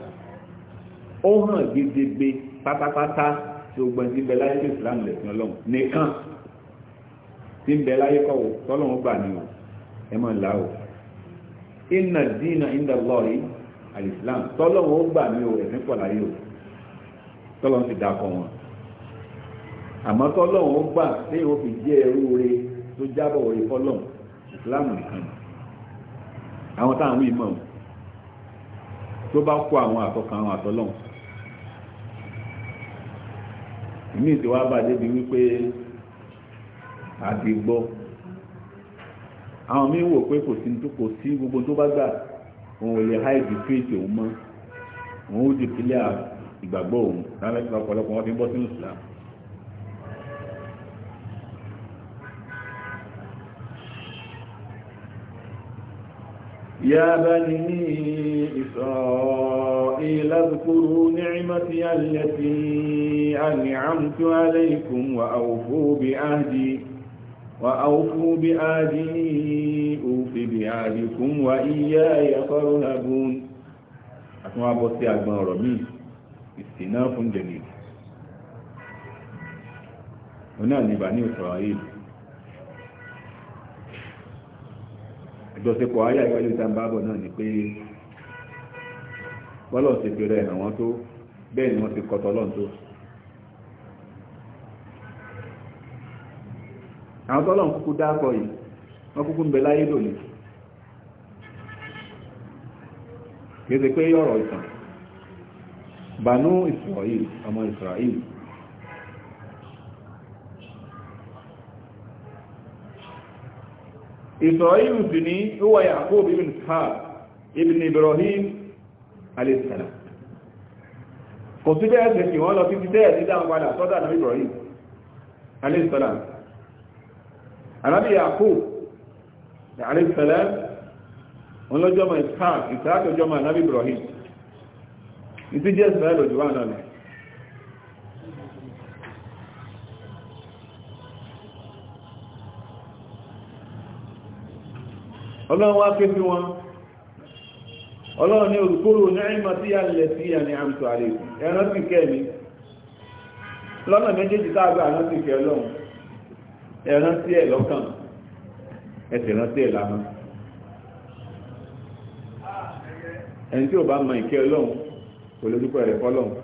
ó hàn gidigbe pátápátá tí ó gbọ́n ti bẹ láyé islam lẹ́sìn ọlọ́run nìkan tí ń bẹ láyé kọ́ tọ́lọ́run gbà ní o ẹ mọ̀ ńlá o inna dina inda Allahi al-Islam tọ́lọ́run ó gbà ní o ẹ̀sìn pọ̀ láyé o tọ́lọ́run ti dà kọ́ wọn àmọ́ tọ́lọ́run ó gbà léyìn ó fi jẹ́ ẹrú rẹ̀ tó jábọ̀ orí fọ́lọ́run islam nìkan àwọn táwọn ìmọ̀ wọn tó bá kó àwọn àtọkàn àwọn àtọlọ́hùn ìmí tí wàá bàjẹ́ di wípé àti gbọ́ àwọn míì wò pé kò sí kò sí gbogbo tó bá gbà òun ò lè háìdì fíìtì òun mọ́ òun ó di kílẹ̀ ìgbàgbọ́ òun lábẹ́ tí wọ́n pọ̀lọpọ̀ wọn fi ń bọ́ sínú ìsìlámù يا بني إسرائيل اذكروا نعمتي التي أنعمت عليكم وأوفوا بعهدي وأوفوا بعهدي أوف بعهدكم وإياي فارهبون أتوا أبو سي أغبان رمي استناف جليل هنا لبني إسرائيل ìjọsepọ̀ ayé àyíwájú ìta ń bábọ̀ náà ni pé bọ́lọ̀ ti fi rẹ̀ hàn tó bẹ́ẹ̀ ni wọ́n ti kọtọ lọ́n tó àwọn tọ́lọ̀ kúkú dákọ̀ yìí wọ́n kúkú ń bẹ láyé ọmọ إسرائيل الدني هو يعقوب ابن إسحاق ابن إبراهيم عليه السلام قصيبة أسلسي ولا في كتاب إدام على صدى نبي إبراهيم عليه السلام النبي يعقوب عليه السلام wọn lọ́jọ́ إسحاق إسحاق ìsáàkì ọjọ́ إبراهيم. náà Ibrahim ìtí jẹ́ ìsáàlì òjò ọlọ́run wá ké sí wọn ọlọ́run ní olùkóró ní ẹ̀yìnmá tí yà lẹ̀ sí yà ní àmì àlẹ́ ẹ̀rọ sì kẹ́ mi lọ́nà méjèèjì tá a gbà ẹ̀rọ sì kẹ́ ọlọ́run ẹ̀rọ sí ẹ̀ lọ́kàn ẹ̀sẹ̀ rántí ẹ̀ lánàá ẹni tí ò bá mọ ìkẹ́ ọlọ́run kò lè dúpọ̀ rẹ̀ fọlọ́run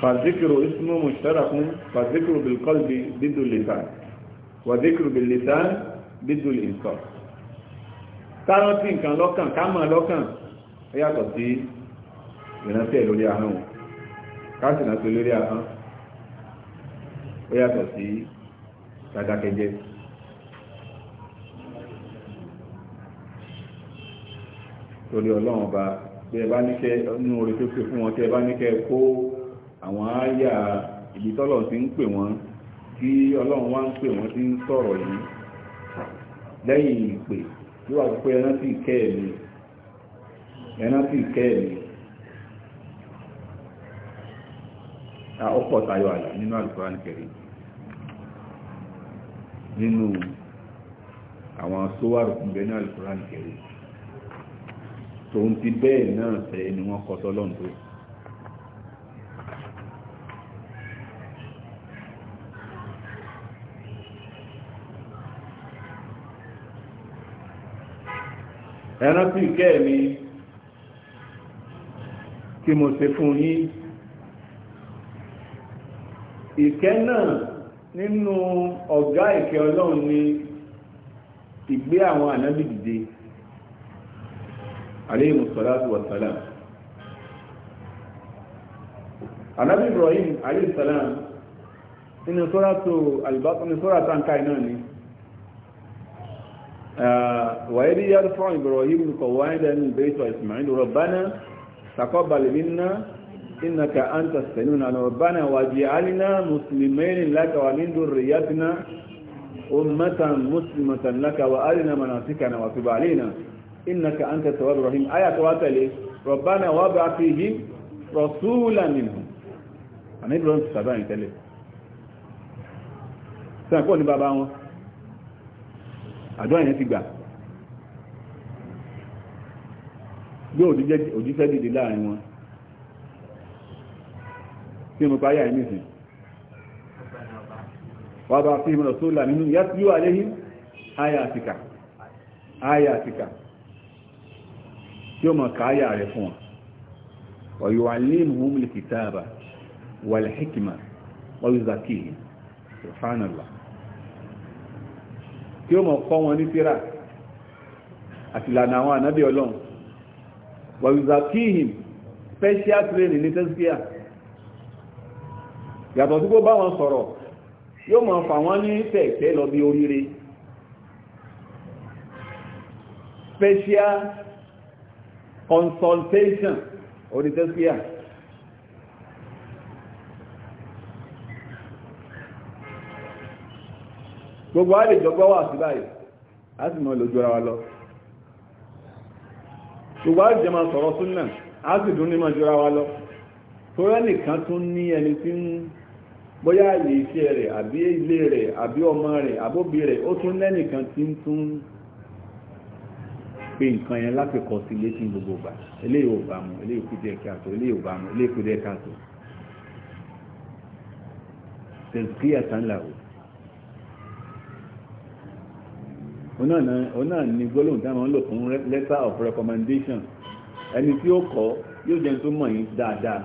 fàzíkìrò ismu mushtarakun fàzíkìrò bilqalbi dídò lisan wàzíkìrò billisan dídùn lè sọ kárọ́tì nǹkan lọ́kàn kámọ̀ lọ́kàn ó yàtọ̀ sí ìrántí ẹ̀ lórí káàsì ìrántí lórí ahọ́n ó yàtọ̀ torí ọlọ́run ọba orí tó fún wọn tí kó àwọn ti ń lẹ́yìn ìpè tí wà pé ẹran sì kẹ́ ẹ̀mí ẹran sì kẹ́ ẹ̀mí ọ̀pọ̀ tayọ àlà nínú Al-Qur'an Karim nínú àwọn sówárò fún bẹ́ẹ̀ ní Al-Qur'an Karim tòun ti bẹ́ẹ̀ náà tẹ́ ni wọ́n kọ́ sọ́lọ́n tó ẹran tí ìkẹ́ mi tí mo ṣe fún yín ìkẹ́ náà nínú ọ̀gá ìkẹ́ ọlọ́run ni ìgbé àwọn ànábì dìde alayhi salatu wa salam ànábì Ibrahim alayhi salam nínú sóràtò àlùbáfọ́ ní sóràtà ń ká iná ni وإذ يرفع إبراهيم القواعد من البيت وإسماعيل ربنا تقبل منا إنك أنت السميع العليم ربنا واجعلنا مسلمين لك ومن ذريتنا أمة مسلمة لك وأرنا مناسكنا وتب علينا إنك أنت التواب الرحيم آية واتلي ربنا وابع فيهم رسولا منهم أنا إبراهيم تسابعني تلي سنقول بابا àdúrà yẹn ti gbà gbé òjíṣẹ́ dìde láàrin wọn tí mo parí àìní sí wà bá fi ìmọ̀lọ̀ sólà nínú yíò àléhìn àyà àtìkà àyà àtìkà tí ó mọ̀ káyà rẹ̀ fún wọn ويعلمهم الكتابة والحكمة ويزكيهم سبحان الله tí ó mọ̀ kọ́ wọn ní tíra àti ìlànà àwọn ànábì ọlọ́run wàwùzà kíhìn special training ní tẹ́síkíà yàtọ̀ tí kó bá wọn sọ̀rọ̀ yóò mọ̀ fà wọ́n ní tẹ̀ẹ̀tẹ́ lọ bí oríire special consultation orí tẹ́síkíà gbogbo a lè jọgbọ́ wà sí báyìí a sì mọ́ lójú ara wa lọ gbogbo a lè jẹ máa sọ̀rọ̀ súnnà a sì dún ní máa jọra wa lọ tó rẹ́ nìkan tún ní ẹni tí ń bóyá ilé iṣẹ́ rẹ̀ àbí ilé rẹ̀ àbí ọmọ rẹ̀ àbóbi rẹ̀ ó tún lẹ́nìkan tí ń tún pé nǹkan yẹn lápẹ̀kọ́ sí ilé tí gbogbo gbà eléyìí ò bá mu eléyìí kú díẹ̀ káàtó eléyìí ò bá mu eléyìí kú díẹ̀ káàtó tẹ̀síkíyà òun náà ni gbólóhùn táwọn ń lò fún letter of recommendation ẹni tí ó kọ́ yóò jẹ́ tó mọ̀ yín dáadáa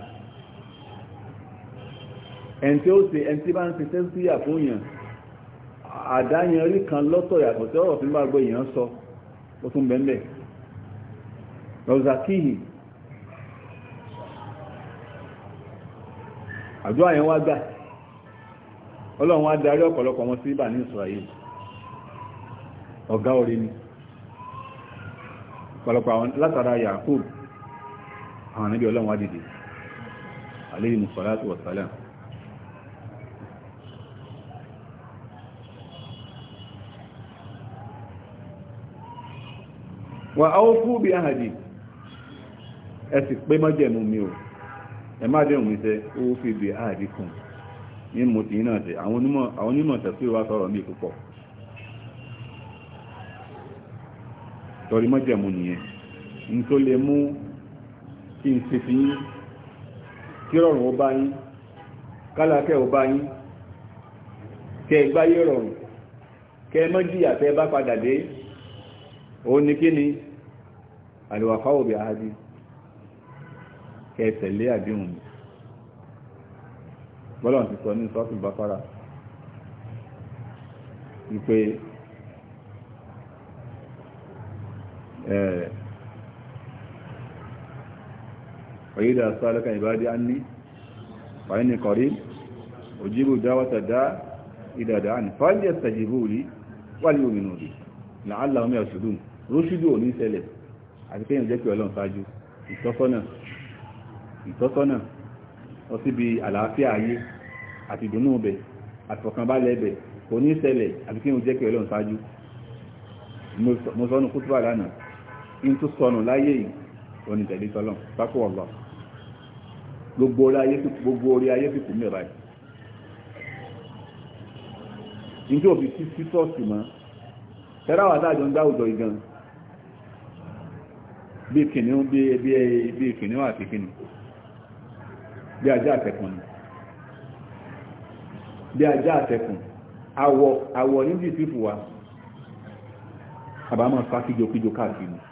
ẹni tí ó ṣe ẹni tí bá ń ṣe sẹ́ńsíyà fún yàn àdáyanrí kan lọ́tọ̀ yàtọ̀ tí ọ̀rọ̀ fi máa gbọ́ èèyàn sọ ó tún bẹ́ẹ̀ rọ̀zàkíhì àjọ àyẹ̀wò àgbà ọlọ́run á darí ọ̀pọ̀lọpọ̀ wọn sí ibà ní Ísírẹ́lì ọ̀gá orí ni pọ̀lọpọ̀ àwọn látara Yakub àwọn níbi ọlọ́run wá dìde alayhi musallatu wassalam wà áwọ́kú bí ahàdì ẹ sì pé mọ́jẹ̀mú mi o ẹ má dẹ̀rùn mi tẹ́ ó fi bí ahàdì kùn ní mo ti náà tẹ́ àwọn onímọ̀ tẹ̀síwá sọ̀rọ̀ ní ìpúpọ̀ àtọ̀rí mọ́jẹ̀mú nìyẹn ní tó lè mú kí n ṣe fi yín kí rọrùn ó bá yín kálàkẹ́ ó bá yín kẹ gbáyé rọrùn kẹ mọ́ jìyà tẹ bá padà dé ó ní kí ni àlùwàfáwò bí ahadi kẹ tẹ̀lé àdéhùn mi ti sọ ní sọ́ọ̀tù bá fara wípé وإذا سألك عبادي عني فإني قريب أجيب àti in tó sọnù láyé yìí onítẹ̀lé tọ́lọ̀ pápọ̀ ọ̀lọ́ gbogbo orí ayé gbogbo orí ayé sì kú mìíràn yìí njẹ́ òfin sí sísọ́ọ̀sì mọ́ tẹ́lá wà dájọ́ ń dá òjò ìgan bí kìnìún bí bí kìnìún àti kìnìún bí ajá àtẹ̀kùn ni bí ajá àtẹ̀kùn awọ awọ níbi ìsìnkú wa àbámọ̀ fásíjokíjo káàkiri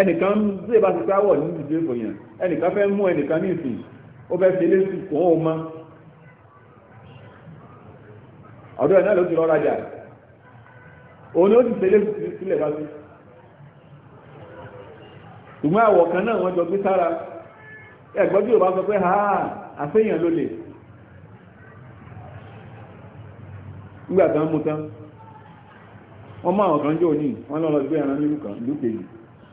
ẹnìkan tí ìbá ti sáwọ̀ ní ìdíje ìfòyàn ẹnìkan fẹ́ mú ẹnìkan ní ìsìn ó fẹ́ fi lésì kún ó mọ́ ọ̀dọ́ ẹ̀ náà ló ti lọ rajà òun ni ó ti fi lésì sílẹ̀ bá sí ṣùgbọ́n àwọ̀ kan náà wọ́n jọ gbé sára ẹ̀gbọ́n tí ò bá sọ pé ha àṣeyàn ló lè nígbà tán mú tán wọ́n mú àwọn kan jò ní wọ́n lọ́lọ́ gbé ẹran nílùú kan ìlú kejì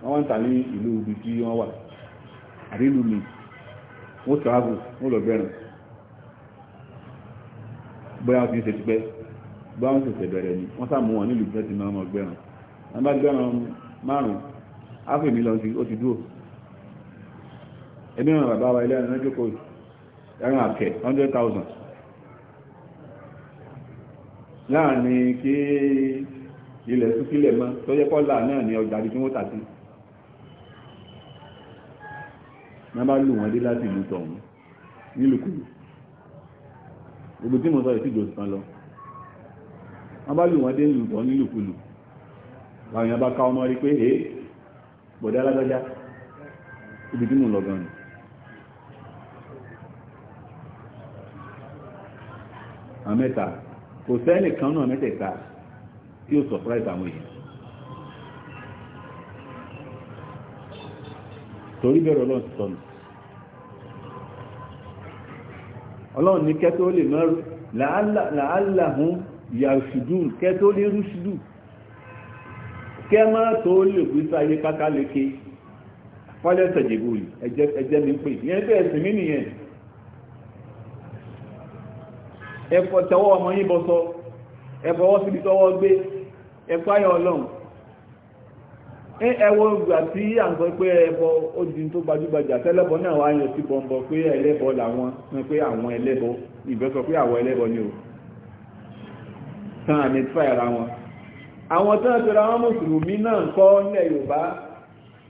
wọ́n ń tà ní ìlú ibi tí wọ́n wà àbí ìlú mi wọ́n travel wọ́n lọ bẹ̀rẹ̀ bóyá wọ́n ti ń ṣe ti pẹ́ bóyá wọ́n ti ṣe bẹ̀rẹ̀ ni wọ́n sàmú wọn nílùú bẹ́ẹ̀ ti máa mọ̀ gbẹ̀rẹ̀ wọ́n bá gbẹ̀rẹ̀ márùn-ún áfì mi lọ ó ti dúró ẹbí wọn bàbá wa ilé ẹran jókòó ẹran àkẹ́ hundred thousand láàrin kí ilẹ̀ súnkílẹ̀ mọ́ tó yẹ kọ́ là náà ní ọjà àbí tí wọ́n tà sí náà bá lù wọ́n dé láti ìlú tọ̀hún nílùkulù gbogbo tí mo sọ ìsìjọ kan lọ wọ́n bá lù wọ́n dé ìlú tọ̀hún nílùkulù àwọn èèyàn bá ká ọmọ rí pé èé bọ̀dá alágbájá ibi tí mo lọ gan ni àmẹ́ta kò sẹ́ẹ̀lì kan náà mẹ́tẹ̀ẹ̀ta tí ó surprise àwọn èèyàn torí bẹ̀rẹ̀ ọlọ́run ti sọnù ọlọ́run ní kẹ́tọ́ lè mọ́rú làálàhún yàṣùdù kẹ́tọ́ lè rúṣùdù kẹ́mọ́ tó lè kú sí ayé káká léke fọ́lẹ́sẹ̀ jẹ̀bù ẹjẹ́ mi pè yẹn bẹ́ẹ̀ sì mí nìyẹn ẹ̀fọ́ tẹwọ́ ọmọ yín bọ́ sọ ẹ̀fọ́ wọ́n síbi tọwọ́ gbé ẹ̀fọ́ ayọ̀ ọlọ́run ẹwọ ìgbà tí à ń sọ pé ẹbọ ó di tó gbajúgbajà tẹlẹbọ náà wá yàn sí bọmbọ pé ẹlẹ́bọ làwọn ní pé àwọn ẹlẹ́bọ ìbẹ sọ pé àwọn ẹlẹ́bọ ni o tán àmì tífà ara wọn àwọn tán tẹra wọn mùsùlùmí náà kọ nílẹ̀ Yorùbá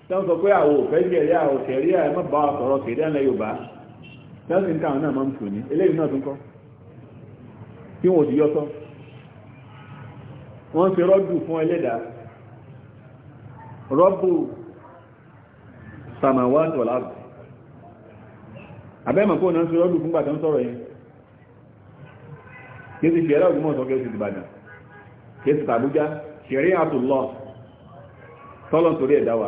tán sọ pé àwọn òfẹ jẹrí àwọn kẹrí àìmọ bá wa sọ̀rọ̀ kẹrí àìlẹ Yorùbá tán sì ń káwọn náà máa ń tò ní eléyìí náà tún kọ tí wọn ò ti yọ sọ wọn ń ṣe rọdù fún ẹlẹ́dàá rọ́bù samawati wal ardi abẹ́mọ̀ kó náà sí rọ́bù fún gbàtà ń sọ̀rọ̀ yẹn kí sí ṣẹ̀rẹ́ ògbùmọ̀ sọ kí ó sì dìbàdàn kí sí tàbújá tọ́lọ̀ torí ẹ̀dá wa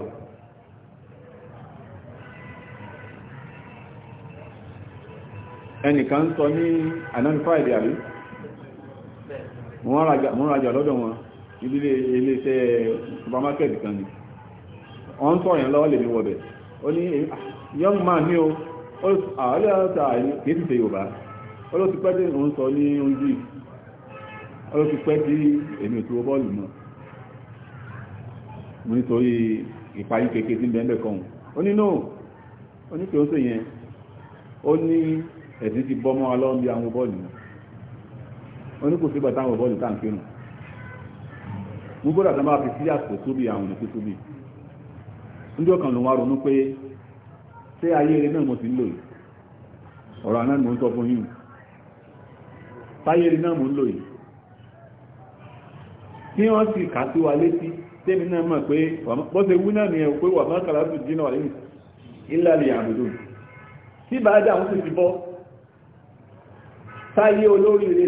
ẹnìkan sọ ní anan friday àrí wọ́n lọ́dọ̀ wọn ilé iṣẹ́ supermarket kan ọ̀n tọ́ yẹn lọ́wọ́ lè ní wọ̀bẹ̀ ó ní young man ní o àwọlé ọ̀tà kìí ti ṣe yorùbá olóòtú pẹ́ tí òun sọ ní ojú olóòtú pẹ́ tí èmi ò tó bọ́ọ̀lù náà mo nítorí ìparí kékeré tí ń bẹ́ẹ̀ kan ó ní no ó ní kí ó sì yẹn ó ní ẹ̀sìn ti bọ́ mọ́ ọlọ́run bí àwọn bọ́ọ̀lù náà ó ní kò sígbà táwọn bọ́ọ̀lù táà ń kírun mú gbọ́dọ̀ tó máa fi sí àsìkò tóbi àwọn òkú tóbi ndị ọkàn ló wá ronú ayé eré náà mo ti ń lò yìí ọ̀rọ̀ àná ni mo sọ fún yìí táyé eré náà mo ń lò yìí tí wọ́n sì kà sí wa létí tẹ́mi náà mọ̀ pé bọ́sẹ̀ wú náà nìyẹn pé wà mọ́kànlá tí bá dá àwọn ti bọ́ táyé olórí ni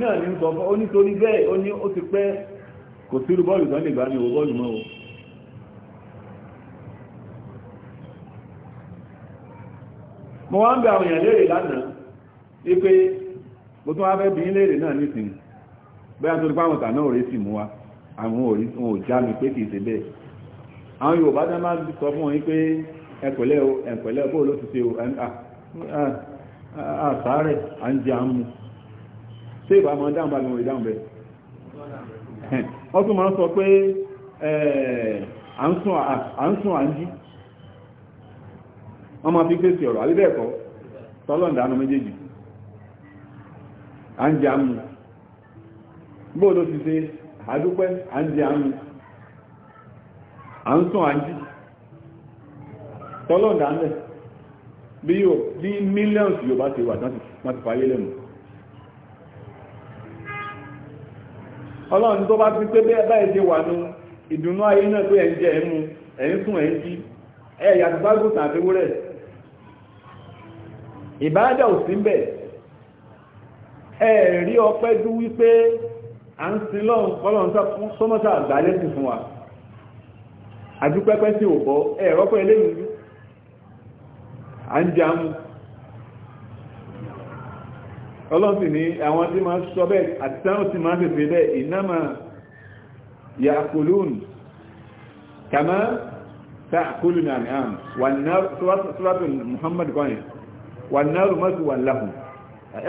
náà ní sọ fún onítorí bẹ́ẹ̀ ó ní ó ti pẹ́ kò mo wá ń bẹ àwọn èèyàn léèrè lánàá ní pé mo tún wá fẹ́ bí léèrè náà nísìn bẹ́ẹ̀ tó nípa àwọn ọ̀tà náà òrèsì mú wa àwọn òrèsì wọn ò já mi pé kìí ṣe bẹ́ẹ̀ àwọn Yorùbá tán máa sọ fún wọn pé ẹ̀pẹ̀lẹ́ o ẹ̀pẹ̀lẹ́ bóò ló ti ṣe o àṣàárẹ̀ à ń jẹ àmú ṣé ìbá máa dáhùn bá mi wọ̀nyí dáhùn bẹ́ẹ̀ wọ́n tún máa sọ pé à ń à ń jí wọ́n máa fi fèsì ọ̀rọ̀ àbíbẹ̀ẹ̀kọ́ tọ́lọ̀ndánú méjèèjì à ń jẹ àmú bóòdó ti ṣe àdúpẹ́ à ń jẹ àmú à ń sùn àjí tọ́lọ̀ndánú bí yóò bí mílíọ̀nù yóò bá ti wà láti fàyé lẹ́nu ọlọ́run tó bá fi pé bẹ́ẹ̀ ṣe wà ní ìdùnnú ayé náà ẹ̀ ń jẹ ẹ̀ ń ẹ̀ ń jí bá ìbáadà ò sí mbẹ̀ ẹ̀rí ọpẹ́ dú wípé à ń sin lọ́n kọ́lọ́n sọ́mọ́sà àgbáyé sí fún wa àdúpẹ́pẹ́ sí òbọ́ ẹ̀rọ pẹ́ eléyìí à ń jẹun ọlọ́n sì ní àwọn tí máa sọ bẹ́ẹ̀ àti tí máa fèfè bẹ́ẹ̀ ìnáma yàkùlùn kàmá tàkùlùn àmì àmì wà ní sọ́rọ̀tún Muhammad kọ́yìn wà náàrù mọ́sí wà láhùn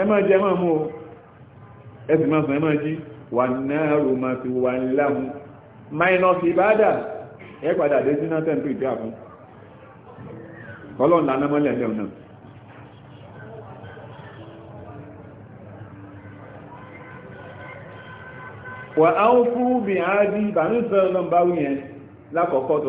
ẹ máa jẹ máa mú ẹ máa sàn ẹ máa jí wà náàrù wà láhùn minus ìbádà ẹ padà dé sí náà tẹ́ǹtù ìjọ àfún ọlọ́run lànà mọ́lẹ̀ ẹ̀lẹ́ náà wà á ń fún bí á di ìbànú bá yẹn lákọ̀ọ́kọ́ tó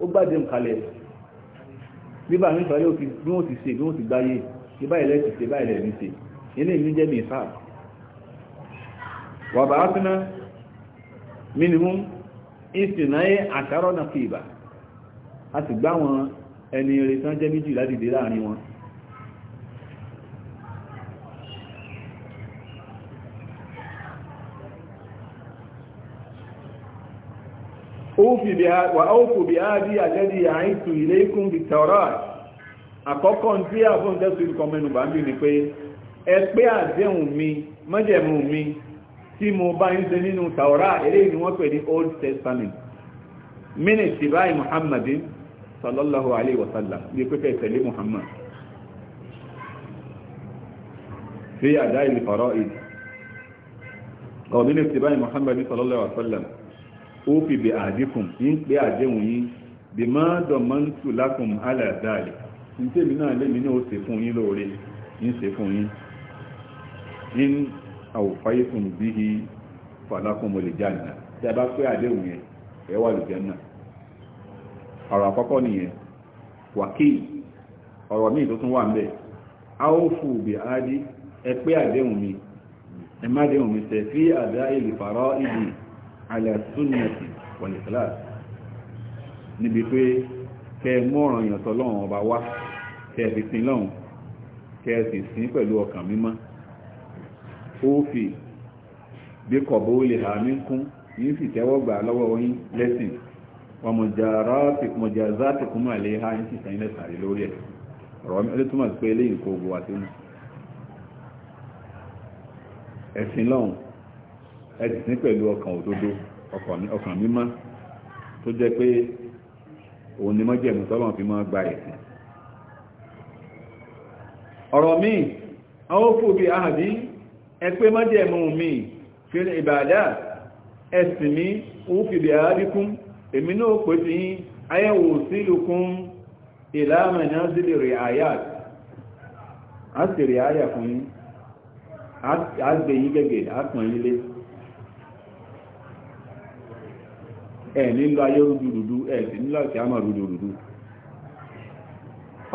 ó gbájẹ̀ kalẹ̀ bí bá nípa yóò fi bí wọ́n ti ṣe bí wọ́n ti gbáyé bí báyìí lẹ́ẹ̀tì ṣe báyìí lẹ́ẹ̀ni ṣe ilé ìní jẹ́ mi sáà wà bá ápínà minimum ìsìnáyé àṣàrọ̀ náà fi ìbà أوفي بها وأوفوا بآدي الذي عدت إليكم بالتوراة àkọ́kọ́ tí a fún jésù ìkọ́ mẹ́nu bá ń bí ni pé ẹ pé àdéhùn mi májẹ̀mú mi tí mo bá ń ṣe nínú tàwọ́rá ni wọ́n pè ní old testament báyìí sallallahu alayhi wa sallam ní pípẹ́ muhammad sallallahu alayhi wa sallam ó fi bẹ̀ àdíkùn yí ń pé àdéhùn yín bí má dọ̀mọ́ntù lákùn aládàálì ní tèmi náà lémi náà ó ṣe fún yín lóore ń ṣe fún yín in àwòfáyékùn bí i fàlákùn mo lè jáde tí a bá pé àdéhùn yẹn ẹ wà lùjẹ́ náà ọ̀rọ̀ àkọ́kọ́ nìyẹn wàkíì ọ̀rọ̀ míì tó tún wà ń bẹ̀ a ó fù bí adi ẹ pé àdéhùn mi ẹ má àdá ìlú fàrọ́ ìdí alẹ́sùnmẹ̀tì wọ̀lẹ̀kìláàsì níbi pé kẹ mú ọ̀ràn ìyàntọ́ lọ́wọ́n ọba wá kẹ fi sin lọ́hùn kẹ sì sin pẹ̀lú ọkàn mímọ́ ó fi bí kọ̀bọ̀ ó lè hàmí kún ní sì tẹ́wọ́ gbà lọ́wọ́ yín lẹ́sìn wọn mọ̀jà zátìkún mọ̀ ẹ̀sìn lọ́hùn ẹ̀sìn sí pẹ̀lú ọkàn òdodo ọkàn mímọ́ tó jẹ́ pé òun ni mọ́jẹ̀mú tọ́lọ̀ fi máa gba ẹ̀sìn ọ̀rọ̀ míì àwọn òfò àhàbí ẹ pé mi fi ẹ̀sìn fi àádíkún èmi náà pè sí sílẹ̀ rẹ̀ àyà á sì rẹ̀ àyà fún yín á ẹ̀ nílò ayé rúdurùdu ẹ̀ si nílò ìkẹ́ àmà rúdurùdu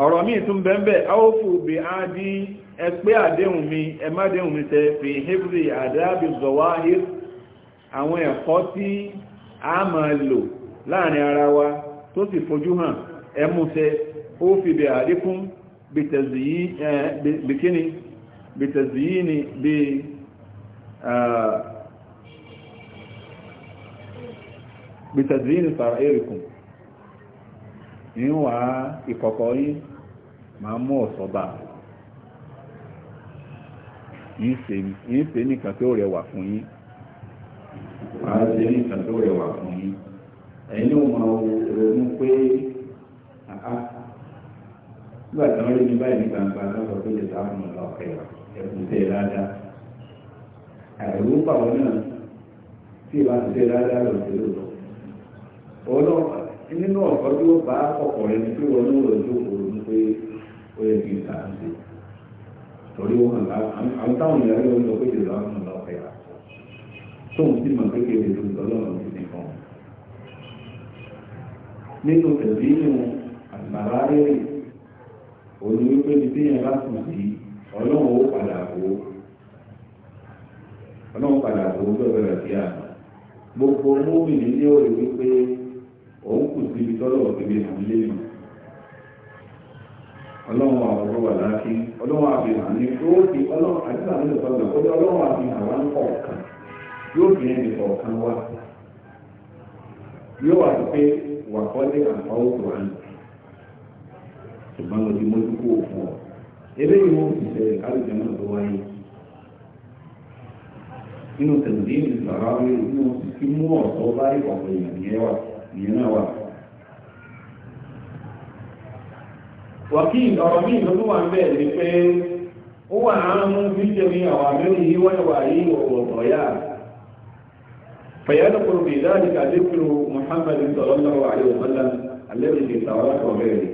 ọ̀rọ̀ mi tún bẹ́ẹ̀ áwòfò bí á dí ẹ àdéhùn mi ẹ mi tẹ fi hebrew àdábì zọwáhí àwọn ẹ̀kọ́ tí a máa lò láàrin ara wa tó sì fojú hàn ẹ ni bí bitadrin sarairikun níwà ìkọ̀kọ̀ yín máa mú ọ̀sọ́bà yín ṣe nìkan tó rẹwà fún yín máa ṣe nìkan tó rẹwà fún yín ẹ̀yin ò máa ronú pé nígbà tí wọ́n rí ní báyìí ní gbangba lọ́sọ̀ tó lè sáwọn ọmọ ọ̀kẹ́ ẹ̀kún tẹ̀ ládàá àìrú pàwọn náà tí ìbá ti tẹ̀ ládàá lọ́sẹ̀ lọ́sọ̀ ọ̀nà nínú ọ̀kọ́ tí ó bá ọkọ̀ rẹ̀ ní pé wọn ló rẹ̀ tó kòrò ní pé ó yẹ kí n ta ń ṣe torí wọn là àwọn táwọn ìyá yóò lọ pé ìlú àwọn ọ̀nà ọ̀fẹ́ rà tóun sì mọ̀ pé kéde ló ń lọ lọ́nà ti nìkan. nínú tẹ̀lé nínú àgbàrá rẹ̀ òní wípé ní bí yẹn bá sùn sí ọlọ́run ó padà wò ọlọ́run padà wò ó bẹ̀rẹ̀ sí àná gbogbo mú ní òòlù wípé òun kù ibi tọ́lọ̀ òkèbè hàn léèmù ọlọ́run àwọ̀rọ̀ wà láti ọlọ́run àfihàn ní yóò fi ọlọ́run àti àwọn ìlọ́sọ̀nà ó ọlọ́run àfihàn wá ń kọ̀ọ̀kan yóò fi ẹni kọ̀ọ̀kan wá yóò wà sí pé wà kọ́lé àpáwò kùránì ṣùgbọ́n lójú mójú kó fún ọ eléyìí wọn fi ṣẹlẹ̀ kálíjọ náà tó wáyé nínú tẹ̀lé ní ìyẹn náà wà. wàkíì ọ̀rọ̀ míì ló tún wà ń bẹ́ẹ̀ ni pé ó wà láàánú bíjẹ̀mí àwọn àmẹ́rin yìí wọ́n wà yí ọ̀pọ̀ yá فيذكر في ذلك ذكر محمد صلى الله عليه وسلم الذي في التوراة وغيره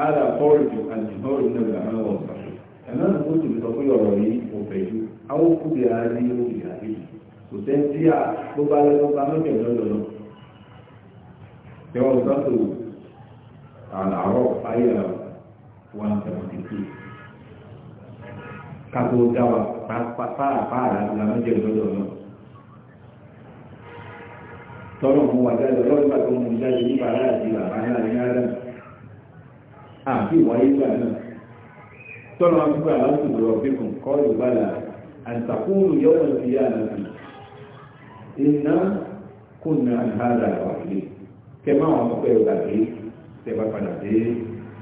هذا خرج الجمهور من العلماء والصحيح كما قلت بتقول الرأي وفيجو أو كبير هذه وكبير هذه وتنسيع ببالغ وقامل كبير سورة الأعراف آية 172 kakó dáwà pàápàá làmẹ́jẹ̀ lọ́dọ̀ náà tọ́lọ̀ mú wà jáde ọlọ́dúnbà tó mú jáde nípa aláàjì bàbá náà ní adam àti ìwáyé gbà náà tọ́lọ̀ wọn gbà láti rọ̀ bí kùn kọ́ọ̀lù bàlà àtàkùnrin yọ̀wọ̀n ti yá àlàfi iná kùnà àhàdà wà lè kẹ máa wọn pẹ́ gbàgbé tẹ bá padà dé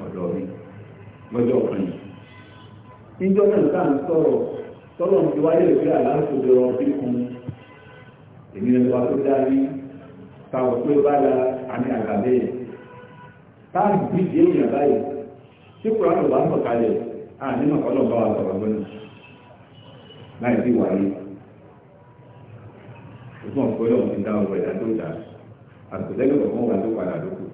ọ̀dọ̀ mi lọ́jọ́ kan yìí. níjọ́ náà tá à ń sọ̀rọ̀ tọ́lọ̀ ti wáyé ìwé àlàáfíà lọ sí kun èmi ni wàá tó dárí táwọn pé bá la àmì àgbàdo yẹn táàbì bíjì èèyàn báyìí tí kùránù bá ń bọ̀ kalẹ̀ àní màkọ́ lọ́ọ́ bá wa sọ̀rọ̀ gbọ́nà láì sí wáyé. òfin ọ̀pọ̀ yóò ti dá ọgbà ìdádó dáa àtẹ̀tẹ́lẹ̀ kọ̀ọ̀kan wà ló padà lóko.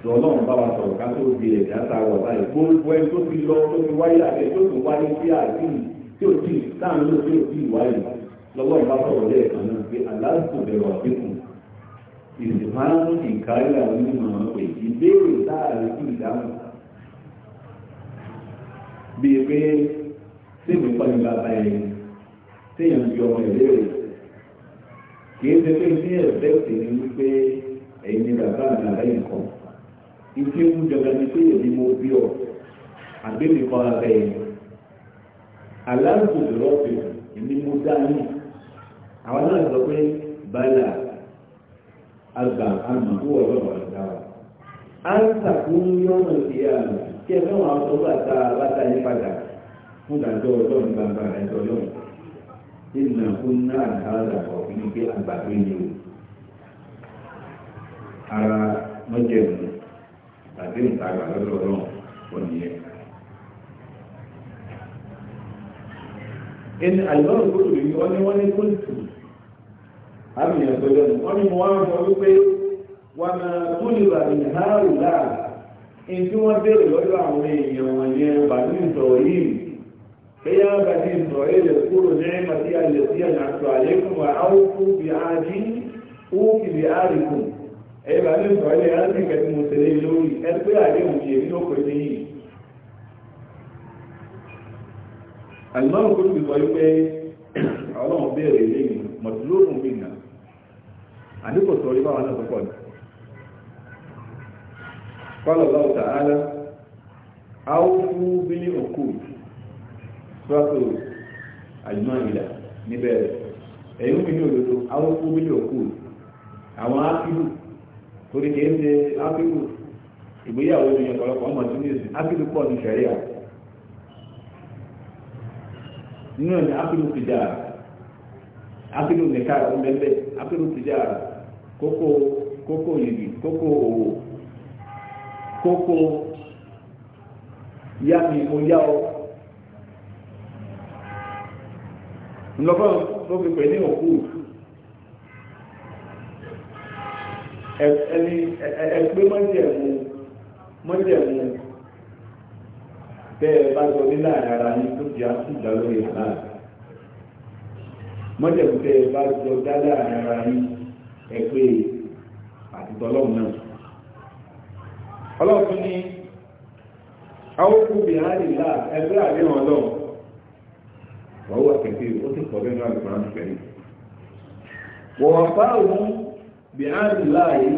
sọ ọlọ́run bá wa sọ̀rọ̀ ká tó di ẹ̀dá tá a wọ̀ báyìí gbogbo ẹni tó fi lọ tó fi wáyé àbẹ tó fi wáyé sí àdín tí ò tí táà ń lò tí ò tí wáyé lọ́wọ́ ìbá sọ̀rọ̀ lẹ́ẹ̀kan náà pé aláàbò bẹ̀rọ̀ àbíkù ìsìnkú ìkárí àwọn onímọ̀ pé ìbéèrè láàrin sí ìdáhùn bíi pé sí ìmúpọ̀ ní bàbá ẹni téèyàn ọmọ ìbéèrè kì í ṣe pé ní ẹ̀fẹ́ẹ̀sì ni wípé ẹ̀yin ni bàbá mi àlẹ́ nǹkan ìṣe ń jọba ní pé èmi mo bí ọ àgbébì kan abẹ́ yẹn aláàbò lọ́ọ̀bì èmi mo dá yìí àwọn náà sọ pé bàlà àgbà àmà kó ọlọ́run àgbà wa á ń sàkún yọ̀nà sí àmì kí ẹ fẹ́ wọn àwọn ọmọ àtà bàtà yín fún ìdájọ́ ọlọ́run gbàgbà ẹ̀dọ́ ọlọ́run ìlànà fún náà dáadáa kọ̀ fún ibi àgbàdo ni o. ara mọ́jẹ̀mú tàbí ìtajà lọ́dọ̀ náà wọ́n nìyẹn. ẹni àlùbọ́n gbọ́dọ̀ yìí wọ́n ní wọ́n ní kóòtù àmì ìyàgbọ́dọ̀ wọ́n ní mo wá ń sọ wípé wọ́n máa tó lè wà ní hàrù láà èyí tí wọ́n lọ́dọ̀ àwọn èèyàn wọ̀nyẹn bàbá ìsọ̀rọ̀ yìí فيا بني إسرائيل اذكروا نعمتي التي أنعمت عليكم وأوفوا بعهدي أوف بعهدكم أي بني إسرائيل أنت كتمثلين لوري أنت عليهم يمين وكرتين المرء كل بطريقه ọlọ́run béèrè lẹ́yìn mọ̀túlóòrùn bí nà àdúgbò sọ̀rọ̀ ibá wọn náà púpọ̀ ní kọ́lọ̀ lọ́wọ́ tààlà sọ́tò àjùmọ̀ ìlà níbẹ̀ ẹ̀yìn mi ní òdodo àwọn mílí òkú àwọn ápìlù torí kìí ápìlù ìgbéyàwó ní ọ̀pọ̀lọpọ̀ ọmọ tí ápìlù pọ̀ ní sẹ̀ríà nínú ẹ̀yìn ápìlù ti dà ápìlù nìka ọ̀mẹ́lẹ̀ ápìlù ti dà kókó kókó yìí kókó kókó yá mi ọ. lọ́gbọ́n ló fi pè ní òkú ẹni ẹgbẹ́ mọ́jẹ̀mú mọ́jẹ̀mú bẹ́ẹ̀ bá sọ ní láàrin ara ní tó di àtúndà lórí àlá mọ́jẹ̀mú bẹ́ẹ̀ bá sọ dá láàrin ara ní ẹgbẹ́ àtìtọ́lọ́mù náà ọlọ́run ní awókù bìhánì láà ẹgbẹ́ àdéhùn ọlọ́run wọ́n wà kẹfì ó sì pọ̀ lẹ́nu àlùkòrán fẹ́rẹ́ wọ̀wọ̀n fáwọn bí á ń láàyè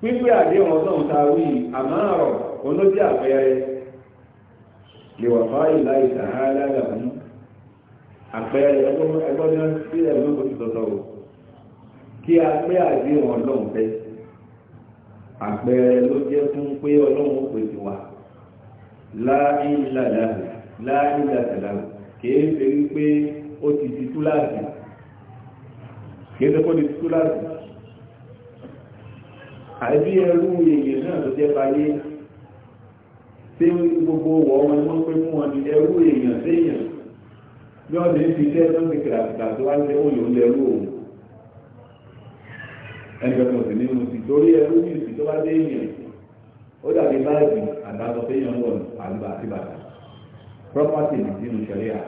pípé àdéhùn ọlọ́run ta wí àmárọ̀ olójú àpẹẹrẹ lè wà fáyì láì sàárà làwọn àpẹẹrẹ ẹgbọ́n náà sí ẹ̀rọ tó ti sọ̀tọ̀ o kí a pé àdéhùn ọlọ́run fẹ́ àpẹẹrẹ ló jẹ́ fún pé ọlọ́run ó pèsè wa láìláìláìláìláìláì kìí ṣe wípé ó ti di túláàsì kìí ṣe kó di túláàsì àbí ẹrú èèyàn náà tó jẹ́ fayé tí gbogbo wọ̀ wọn wọ́n pé fún wọn ni ẹrú èèyàn séèyàn bí wọ́n ti ń fi iṣẹ́ tó ń fi kìràkìtà tó wá ń ṣe òun lòún lẹ́rú òun ẹnìkan sì nínú sí torí ẹrú ní ìsìn tó bá dé èèyàn ó dàbí báyìí àdáṣọ téèyàn wọ̀ àlùbà àti bàtà property nínú sẹ́ríà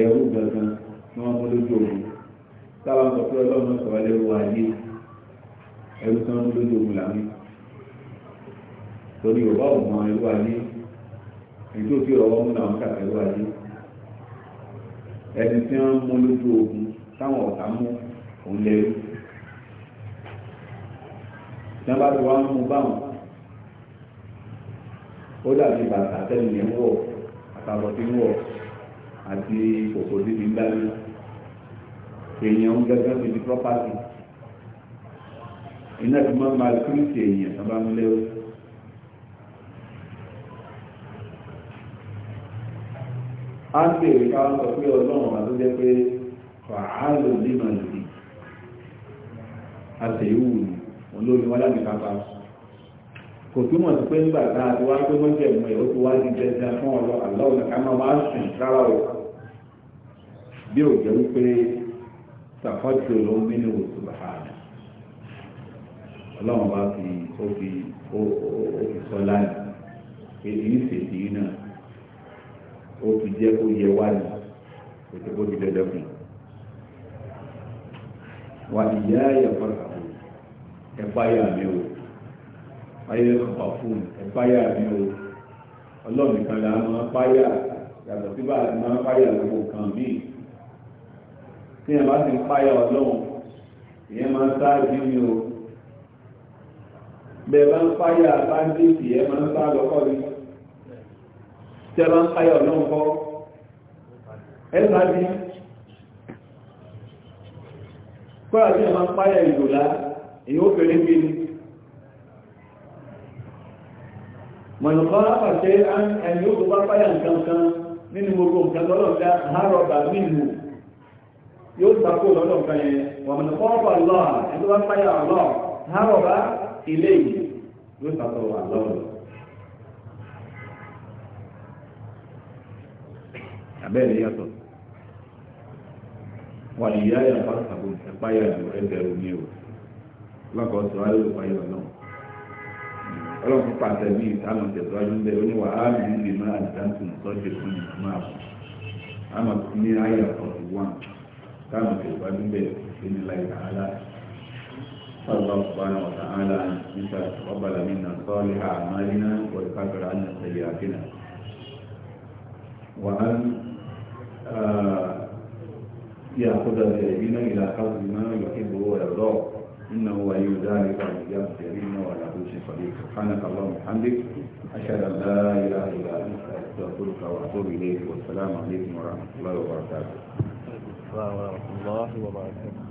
ẹ̀rú gangan ni wọ́n mú lójú ogun sábà ń sọ pé ọlọ́run sọ̀rọ̀ lé owó ayé ẹ̀rú tí wọ́n mú lójú ogun làwọn torí yorùbá ò mọ ẹ̀rú ayé èyí tó fi ọwọ́ mú làwọn kà ẹ̀rú ayé ẹni tí wọ́n mú lójú ogun táwọn ọ̀tá mú òun lẹ́rú tí wọ́n mú báwọn ó dàbí bàtà tẹ́lẹ̀ ń wọ̀ àtàbọ̀ tí ń wọ̀ àti kòkò tí ń dání èèyàn ń gẹ́gẹ́ bí di property iná tí wọ́n máa kí ti èèyàn tó bá ń léwu. á ń bèèrè káwọn sọ pé ọlọ́run wa tó jẹ́ pé fàálù ní màlúù àtẹ̀yìwù olórí wọn láti kápá kò túmọ̀ sí pé nígbà tá a ti wá pé wọ́n jẹ̀ mọ́ ẹ̀ ó ti wá di dandan fún ọ̀rọ̀ àlọ́ ká máa wá sùn rárá o bí ò jẹ́ wípé sàfọ́tì ló ń bínú òtún bàbá ọlọ́run bá fi ó fi ó fi sọ láàyè pé èyí ṣèṣì yìí náà ó fi jẹ́ kó yẹ wá ní ètò ó fi dandan fún wà ìyá ẹ̀fọ́ ẹ̀fọ́ ayé àmì o ayé ọ̀pá fún ẹ̀páyà mi o ọlọ́ọ̀nì kan là máa páyà yàtọ̀ sí bá a ti máa páyà gbogbo kan míì tí ẹ̀ bá ti ń páyà ọlọ́run ìyẹn máa sáájú mi o bẹ́ẹ̀ bá ń páyà báńdéèkì ẹ̀ máa ń sá lọ́kọ́ mi tí ẹ bá ń páyà ọlọ́run kọ́ ẹ sáájú kọ́ra tí ẹ máa ń páyà ìdòlá èyí ó fẹ́rẹ́ gbé ni. mọ̀lùkọ́ àpàṣẹ ẹni ó gbogbo apáyà nǹkan kan nínú gbogbo nǹkan lọ́lọ́gbà àárọ̀gbà nínú yóò gbàkó lọ́dọ̀ nǹkan yẹn wọ́n mọ̀lùkọ́ ọ̀pọ̀ lọ́ ẹni tó bá páyà lọ́ àárọ̀gbà ilé yìí yóò gbàkó wà lọ́wọ́ abẹ́rẹ́ yàtọ̀ wà ìyá yà bá sàbò ẹ̀páyà ẹ̀bẹ̀rù mi ò lọ́kọ̀ọ́sọ̀ ayélujára náà ọlọ́run pàṣẹ ní ìtàwọn tẹ̀síwájú ń bẹ ó ní wà á lù ú lè máa dáńtù sọ́jẹ́ fún mi máa bù àmọ́ ní ayé ọ̀tọ̀tù wọn táwọn tẹ̀síwájú ń bẹ ṣe ní láì tààlà sọ́jọ́ ọ̀bánà ọ̀tà àlà nípa ọ̀bàlà nínà sọ́ọ̀lì àmàlínà wọ̀lùkàtàrà àná tẹ̀lé àfínà wà á yà kó dàbẹ̀ ìbínú ìlà إنه ولي ذلك والإجابة كريم ولا بوس صديق سبحانك اللهم وبحمدك أشهد أن لا إله إلا أنت أستغفرك وأتوب إليك والسلام عليكم ورحمة الله وبركاته. ورحمة الله وبركاته.